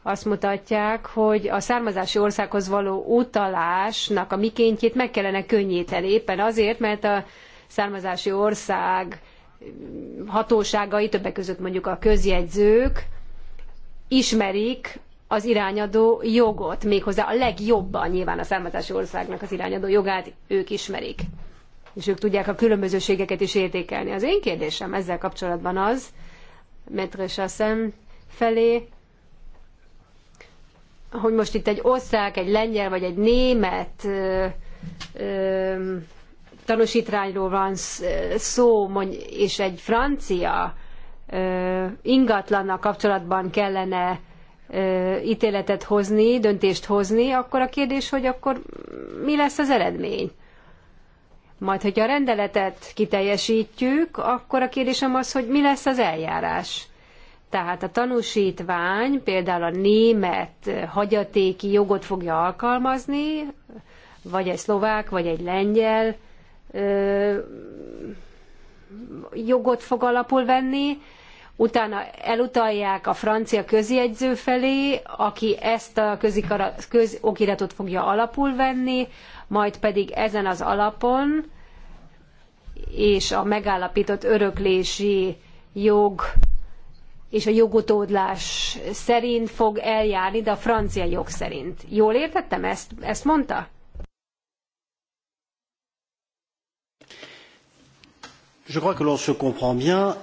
azt mutatják, hogy a származási országhoz való utalásnak a mikéntjét meg kellene könnyíteni, éppen azért, mert a származási ország hatóságai, többek között mondjuk a közjegyzők, ismerik az irányadó jogot, méghozzá a legjobban nyilván a származási országnak az irányadó jogát ők ismerik. És ők tudják a különbözőségeket is értékelni. Az én kérdésem ezzel kapcsolatban az, Metres Asszem felé, hogy most itt egy osztrák, egy lengyel vagy egy német ö, ö, tanúsítványról van szó, mondj, és egy francia ingatlannal kapcsolatban kellene ítéletet hozni, döntést hozni, akkor a kérdés, hogy akkor mi lesz az eredmény? Majd, hogyha a rendeletet kiteljesítjük, akkor a kérdésem az, hogy mi lesz az eljárás. Tehát a tanúsítvány például a német hagyatéki jogot fogja alkalmazni, vagy egy szlovák, vagy egy lengyel ö, jogot fog alapul venni, utána elutalják a francia közjegyző felé, aki ezt a közokiratot fogja alapul venni, majd pedig ezen az alapon és a megállapított öröklési jog és a jogutódlás szerint fog eljárni, de a francia jog szerint. Jól értettem ezt? Ezt mondta? Je crois que l'on se comprend bien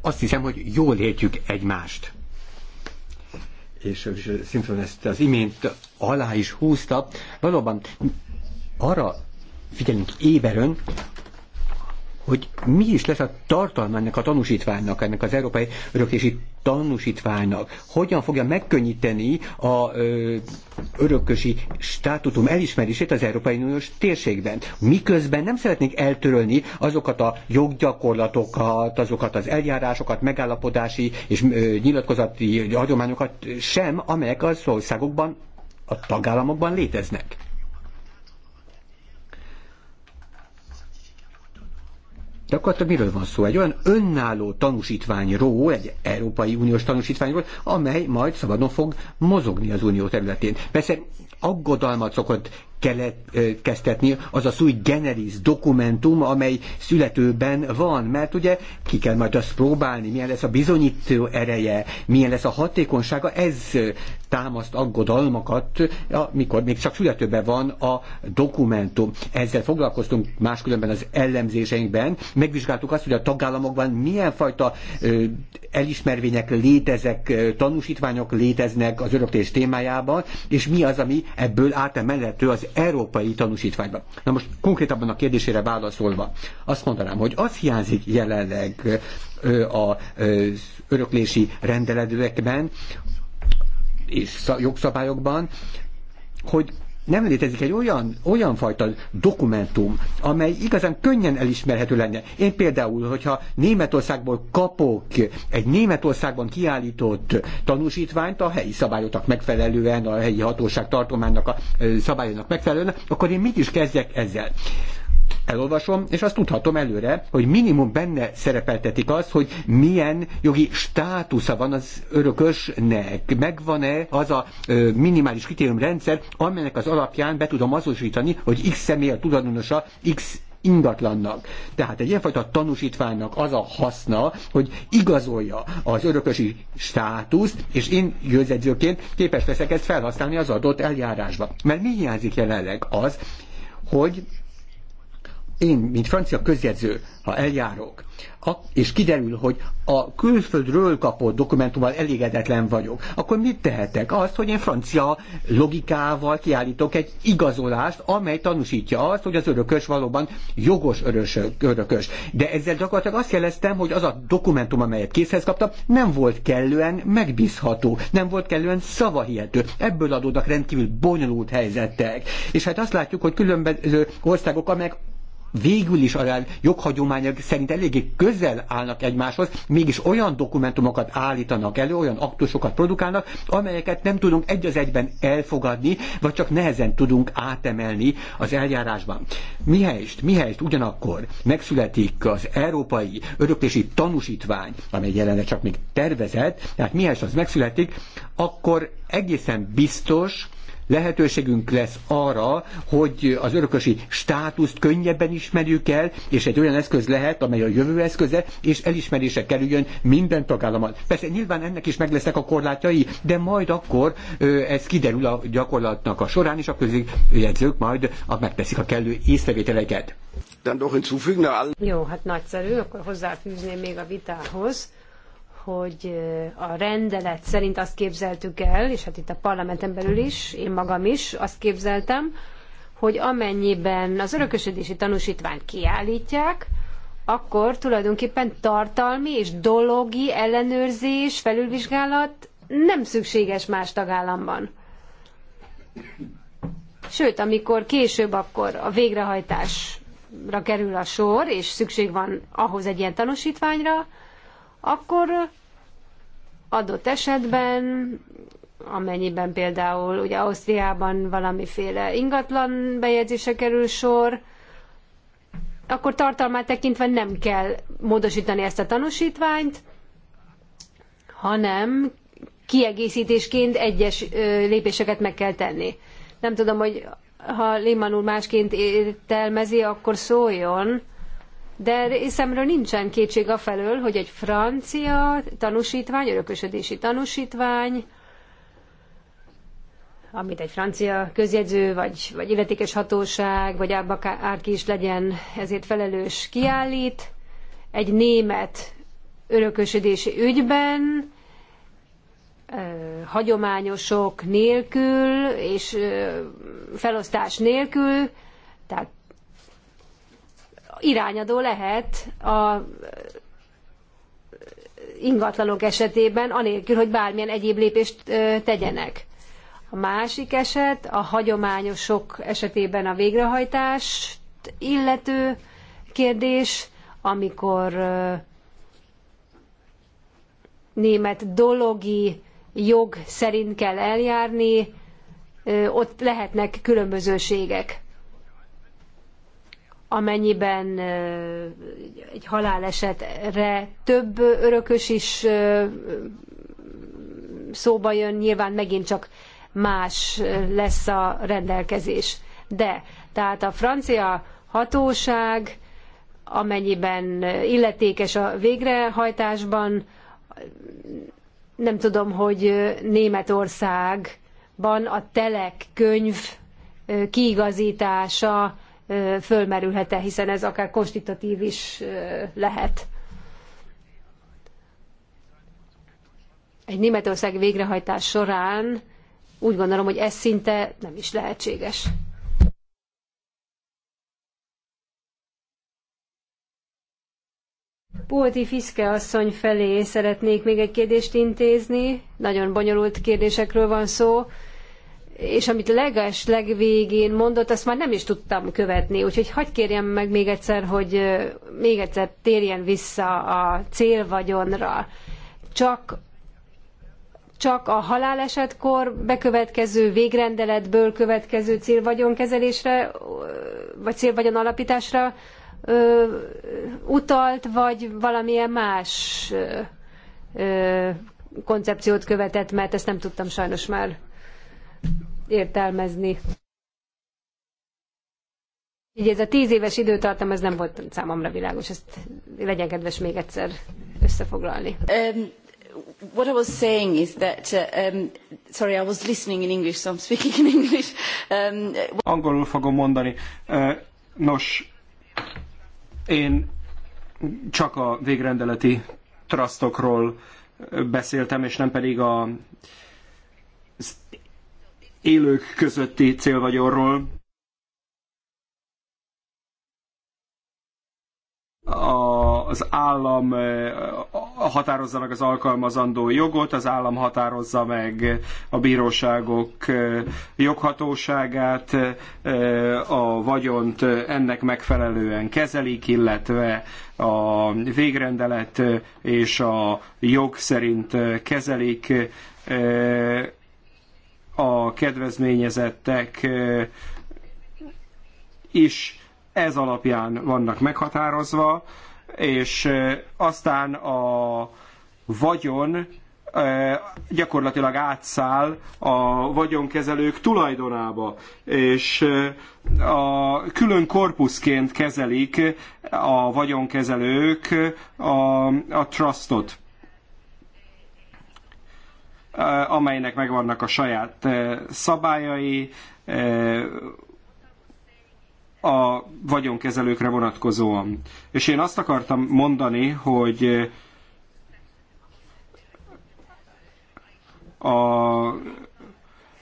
azt hiszem, hogy jól értjük egymást. És Simpson ezt az imént alá is húzta. Valóban arra figyelünk éberön, hogy mi is lesz a tartalma ennek a tanúsítványnak, ennek az európai örökési tanúsítványnak, hogyan fogja megkönnyíteni a ö, örökösi státutum elismerését az Európai Uniós térségben. Miközben nem szeretnénk eltörölni azokat a joggyakorlatokat, azokat az eljárásokat, megállapodási és ö, nyilatkozati hagyományokat sem, amelyek az országokban, a tagállamokban léteznek. de akkor miről van szó? Egy olyan önálló tanúsítványról, egy Európai Uniós tanúsítványról, amely majd szabadon fog mozogni az unió területén. Persze aggodalmat szokott keletkeztetni, az a új generis dokumentum, amely születőben van, mert ugye ki kell majd azt próbálni, milyen lesz a bizonyító ereje, milyen lesz a hatékonysága, ez támaszt aggodalmakat, amikor még csak születőben van a dokumentum. Ezzel foglalkoztunk máskülönben az ellenzéseinkben, megvizsgáltuk azt, hogy a tagállamokban milyen fajta elismervények léteznek, tanúsítványok léteznek az öröktés témájában, és mi az, ami ebből átemelhető az európai tanúsítványban. Na most konkrétabban a kérdésére válaszolva, azt mondanám, hogy az hiányzik jelenleg az öröklési rendeletekben és jogszabályokban, hogy nem létezik egy olyan, olyan fajta dokumentum, amely igazán könnyen elismerhető lenne. Én például, hogyha Németországból kapok egy Németországban kiállított tanúsítványt a helyi szabályoknak megfelelően, a helyi hatóság tartománynak a szabályoknak megfelelően, akkor én mit is kezdjek ezzel? elolvasom, és azt tudhatom előre, hogy minimum benne szerepeltetik azt, hogy milyen jogi státusza van az örökösnek, megvan-e az a ö, minimális kritériumrendszer, amelynek az alapján be tudom azonosítani, hogy X személy a tulajdonosa X ingatlannak. Tehát egy ilyenfajta tanúsítványnak az a haszna, hogy igazolja az örökösi státuszt, és én jövőzedzőként képes leszek ezt felhasználni az adott eljárásban. Mert mi hiányzik jelenleg az, hogy én, mint francia közjegyző, ha eljárok, és kiderül, hogy a külföldről kapott dokumentummal elégedetlen vagyok, akkor mit tehetek? Azt, hogy én francia logikával kiállítok egy igazolást, amely tanúsítja azt, hogy az örökös valóban jogos örösök, örökös. De ezzel gyakorlatilag azt jeleztem, hogy az a dokumentum, amelyet készhez kaptam, nem volt kellően megbízható, nem volt kellően szavahihető. Ebből adódnak rendkívül bonyolult helyzetek. És hát azt látjuk, hogy különböző országok, amelyek végül is a joghagyományok szerint eléggé közel állnak egymáshoz, mégis olyan dokumentumokat állítanak elő, olyan aktusokat produkálnak, amelyeket nem tudunk egy az egyben elfogadni, vagy csak nehezen tudunk átemelni az eljárásban. Mihelyst, mihelyst ugyanakkor megszületik az európai öröklési tanúsítvány, amely jelenleg csak még tervezett, tehát mihelyst az megszületik, akkor egészen biztos, lehetőségünk lesz arra, hogy az örökösi státuszt könnyebben ismerjük el, és egy olyan eszköz lehet, amely a jövő eszköze, és elismerése kerüljön minden tagállamat. Persze nyilván ennek is meg lesznek a korlátjai, de majd akkor ez kiderül a gyakorlatnak a során, és a közjegyzők majd a megteszik a kellő észrevételeket. Jó, hát nagyszerű, akkor hozzáfűzném még a vitához, hogy a rendelet szerint azt képzeltük el, és hát itt a parlamenten belül is, én magam is azt képzeltem, hogy amennyiben az örökösödési tanúsítványt kiállítják, akkor tulajdonképpen tartalmi és dologi ellenőrzés, felülvizsgálat nem szükséges más tagállamban. Sőt, amikor később akkor a végrehajtásra kerül a sor, és szükség van ahhoz egy ilyen tanúsítványra, akkor adott esetben, amennyiben például ugye Ausztriában valamiféle ingatlan bejegyzése kerül sor, akkor tartalmát tekintve nem kell módosítani ezt a tanúsítványt, hanem kiegészítésként egyes lépéseket meg kell tenni. Nem tudom, hogy ha Liman úr másként értelmezi, akkor szóljon, de részemről nincsen kétség afelől, hogy egy francia tanúsítvány, örökösödési tanúsítvány, amit egy francia közjegyző, vagy, vagy illetékes hatóság, vagy bárki is legyen ezért felelős kiállít, egy német örökösödési ügyben, hagyományosok nélkül és felosztás nélkül, tehát irányadó lehet a ingatlanok esetében, anélkül, hogy bármilyen egyéb lépést tegyenek. A másik eset, a hagyományosok esetében a végrehajtást illető kérdés, amikor német dologi jog szerint kell eljárni, ott lehetnek különbözőségek amennyiben egy halálesetre több örökös is szóba jön, nyilván megint csak más lesz a rendelkezés. De, tehát a francia hatóság, amennyiben illetékes a végrehajtásban, nem tudom, hogy Németországban a telek könyv kiigazítása fölmerülhet-e, hiszen ez akár konstitutív is lehet. Egy Németország végrehajtás során úgy gondolom, hogy ez szinte nem is lehetséges. Pulti Fiske asszony felé szeretnék még egy kérdést intézni. Nagyon bonyolult kérdésekről van szó és amit leges legvégén mondott, azt már nem is tudtam követni. Úgyhogy hagyd kérjem meg még egyszer, hogy még egyszer térjen vissza a célvagyonra. Csak csak a halálesetkor bekövetkező végrendeletből következő célvagyonkezelésre, vagy célvagyon alapításra ö, utalt, vagy valamilyen más ö, koncepciót követett, mert ezt nem tudtam sajnos már értelmezni. Így ez a tíz éves időtartam, ez nem volt számomra világos, ezt legyen kedves még egyszer összefoglalni. Um, what I was saying is that, uh, um, sorry, I was listening in English, so I'm speaking in English. Um, Angolul fogom mondani. Uh, nos, én csak a végrendeleti trustokról beszéltem, és nem pedig a élők közötti célvagyonról. az állam eh, határozza meg az alkalmazandó jogot, az állam határozza meg a bíróságok eh, joghatóságát, eh, a vagyont ennek megfelelően kezelik, illetve a végrendelet és a jog szerint kezelik a kedvezményezettek is ez alapján vannak meghatározva, és aztán a vagyon gyakorlatilag átszáll a vagyonkezelők tulajdonába, és a külön korpuszként kezelik a vagyonkezelők a, a trustot. Eh, amelynek megvannak a saját eh, szabályai, eh, a vagyonkezelőkre vonatkozóan. És én azt akartam mondani, hogy a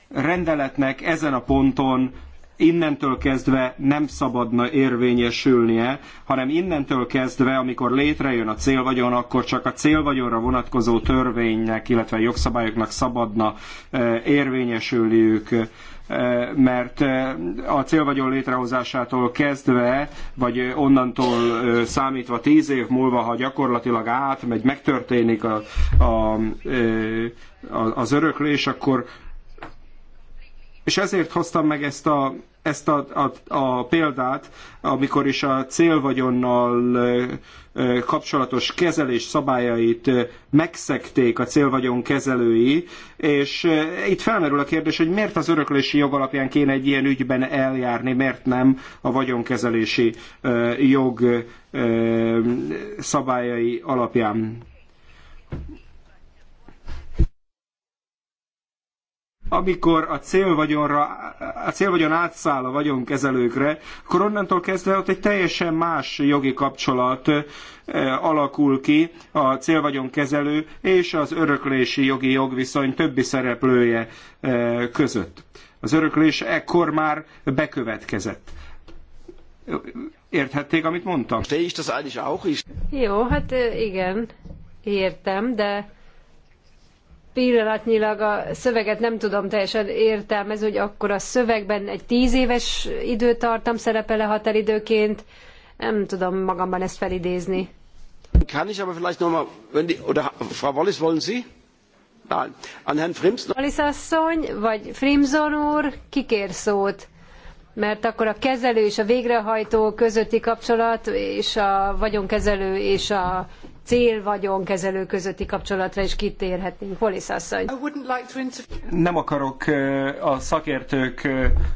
rendeletnek ezen a ponton innentől kezdve nem szabadna érvényesülnie, hanem innentől kezdve, amikor létrejön a célvagyon, akkor csak a célvagyonra vonatkozó törvénynek, illetve jogszabályoknak szabadna e, érvényesülniük e, mert e, a célvagyon létrehozásától kezdve, vagy onnantól számítva tíz év múlva, ha gyakorlatilag átmegy, megtörténik a, a, az öröklés, akkor és ezért hoztam meg ezt a, ezt a, a, a példát, amikor is a célvagyonnal kapcsolatos kezelés szabályait megszekték a célvagyon kezelői, és itt felmerül a kérdés, hogy miért az öröklési jog alapján kéne egy ilyen ügyben eljárni, miért nem a vagyonkezelési jog szabályai alapján. amikor a célvagyonra, a célvagyon átszáll a vagyonkezelőkre, akkor onnantól kezdve ott egy teljesen más jogi kapcsolat eh, alakul ki a célvagyonkezelő és az öröklési jogi jogviszony többi szereplője eh, között. Az öröklés ekkor már bekövetkezett. Érthették, amit mondtam? Te is, das is. Jó, hát eh, igen, értem, de pillanatnyilag a szöveget nem tudom teljesen értelmezni, hogy akkor a szövegben egy tíz éves időtartam szerepele határidőként. Nem tudom magamban ezt felidézni. Kann ich aber vielleicht nochmal, wenn die, oder Frau Wallis, wollen Sie? Nein. An Herrn Frims. Wallis asszony, vagy Frimson úr, kikér szót? Mert akkor a kezelő és a végrehajtó közötti kapcsolat, és a vagyonkezelő és a cél vagyonkezelő közötti kapcsolatra is kitérhetnénk. Polisz asszony. Nem akarok a szakértők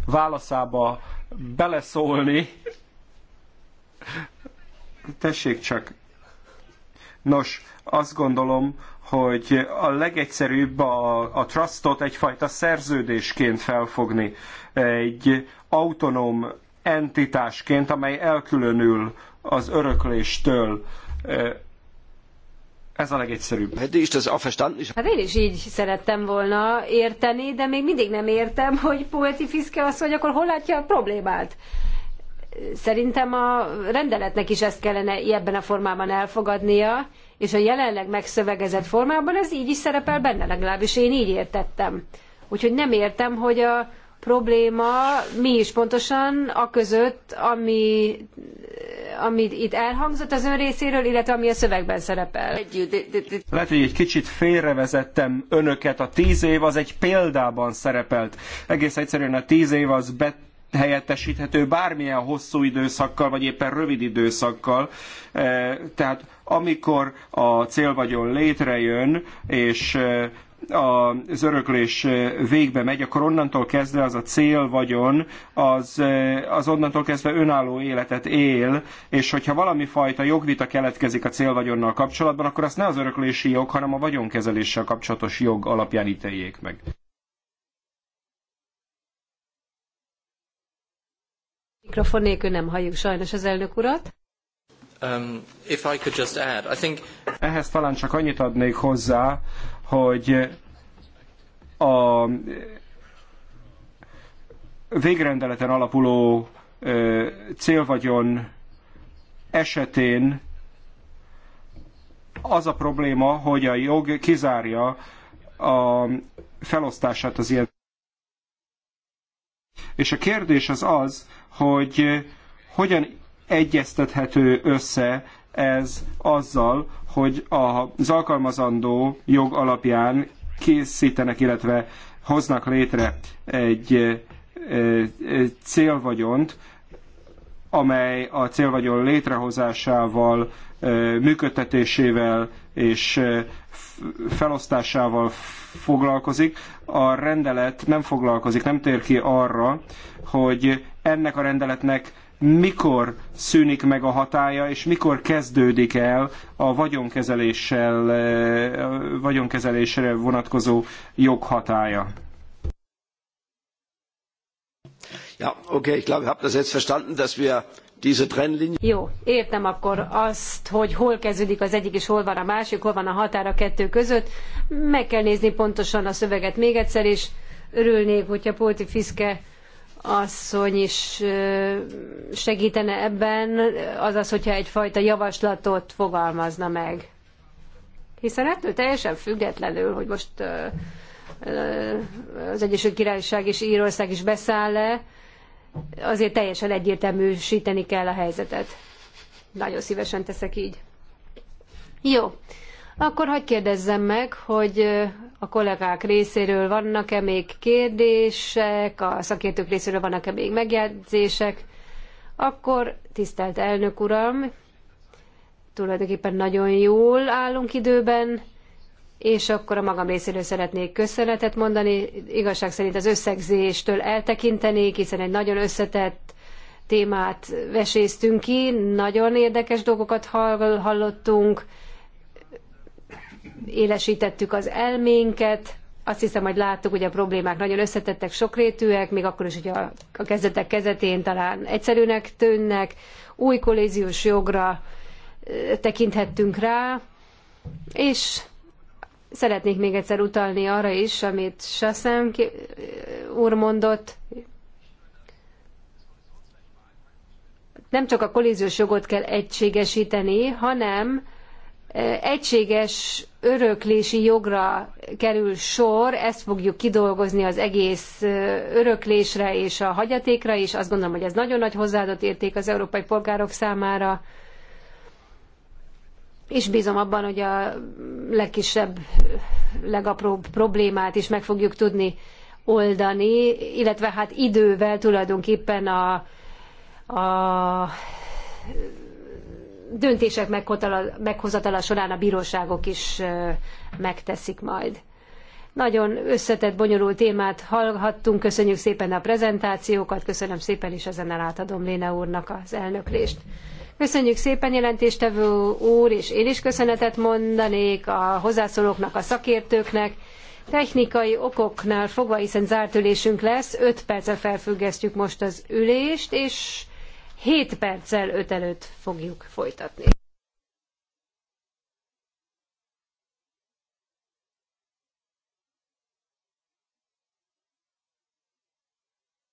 válaszába beleszólni. Tessék csak. Nos, azt gondolom, hogy a legegyszerűbb a, a trustot egyfajta szerződésként felfogni. Egy autonóm entitásként, amely elkülönül az örökléstől. Ez a legegyszerűbb. Hát én is így szerettem volna érteni, de még mindig nem értem, hogy Poeti Fiszke azt, akkor hol látja a problémát. Szerintem a rendeletnek is ezt kellene ebben a formában elfogadnia, és a jelenleg megszövegezett formában ez így is szerepel benne, legalábbis én így értettem. Úgyhogy nem értem, hogy a, probléma mi is pontosan a között, ami, ami itt elhangzott az ön részéről, illetve ami a szövegben szerepel. Lehet, hogy egy kicsit félrevezettem önöket. A tíz év az egy példában szerepelt. Egész egyszerűen a tíz év az bet helyettesíthető bármilyen hosszú időszakkal, vagy éppen rövid időszakkal. Eh, tehát amikor a célvagyon létrejön, és eh, az öröklés végbe megy, akkor onnantól kezdve az a cél vagyon, az, az onnantól kezdve önálló életet él, és hogyha valami fajta jogvita keletkezik a célvagyonnal kapcsolatban, akkor azt ne az öröklési jog, hanem a vagyonkezeléssel kapcsolatos jog alapján ítéljék meg. Mikrofon nélkül nem halljuk sajnos az elnök urat. Um, if I could just add, I think... Ehhez talán csak annyit adnék hozzá, hogy a végrendeleten alapuló célvagyon esetén az a probléma, hogy a jog kizárja a felosztását az ilyen. És a kérdés az az, hogy hogyan egyeztethető össze ez azzal, hogy az alkalmazandó jog alapján készítenek, illetve hoznak létre egy célvagyont, amely a célvagyon létrehozásával, működtetésével és felosztásával foglalkozik. A rendelet nem foglalkozik, nem tér ki arra, hogy ennek a rendeletnek mikor szűnik meg a hatája, és mikor kezdődik el a vagyonkezeléssel, eh, a vagyonkezelésre vonatkozó jog hatája. Ja, okay, ich glaube, ich habe das jetzt verstanden, dass wir diese Trennlinie... Jó, értem akkor azt, hogy hol kezdődik az egyik és hol van a másik, hol van a határ a kettő között. Meg kell nézni pontosan a szöveget még egyszer, és örülnék, hogyha Polti Fiske asszony is segítene ebben, azaz, hogyha egyfajta javaslatot fogalmazna meg. Hiszen ettől hát teljesen függetlenül, hogy most az Egyesült Királyság és Írország is beszáll le, azért teljesen egyértelműsíteni kell a helyzetet. Nagyon szívesen teszek így. Jó. Akkor hagyd kérdezzem meg, hogy a kollégák részéről vannak-e még kérdések, a szakértők részéről vannak-e még megjegyzések, akkor tisztelt elnök uram, tulajdonképpen nagyon jól állunk időben, és akkor a magam részéről szeretnék köszönetet mondani. Igazság szerint az összegzéstől eltekintenék, hiszen egy nagyon összetett témát veséztünk ki, nagyon érdekes dolgokat hallottunk, élesítettük az elménket, azt hiszem, hogy láttuk, hogy a problémák nagyon összetettek, sokrétűek, még akkor is, hogy a, a kezdetek kezetén talán egyszerűnek tűnnek, új kolléziós jogra tekinthettünk rá, és szeretnék még egyszer utalni arra is, amit Sassem úr mondott, nem csak a kolléziós jogot kell egységesíteni, hanem egységes öröklési jogra kerül sor, ezt fogjuk kidolgozni az egész öröklésre és a hagyatékra is. Azt gondolom, hogy ez nagyon nagy hozzáadott érték az európai polgárok számára. És bízom abban, hogy a legkisebb, legapróbb problémát is meg fogjuk tudni oldani, illetve hát idővel tulajdonképpen a, a döntések meghozatala során a bíróságok is megteszik majd. Nagyon összetett, bonyolult témát hallhattunk, köszönjük szépen a prezentációkat, köszönöm szépen is ezennel átadom Léna úrnak az elnöklést. Köszönjük szépen jelentéstevő úr, és én is köszönetet mondanék a hozzászólóknak, a szakértőknek. Technikai okoknál fogva, hiszen zárt ülésünk lesz, 5 perccel felfüggesztjük most az ülést, és 7 perccel 5 előtt fogjuk folytatni.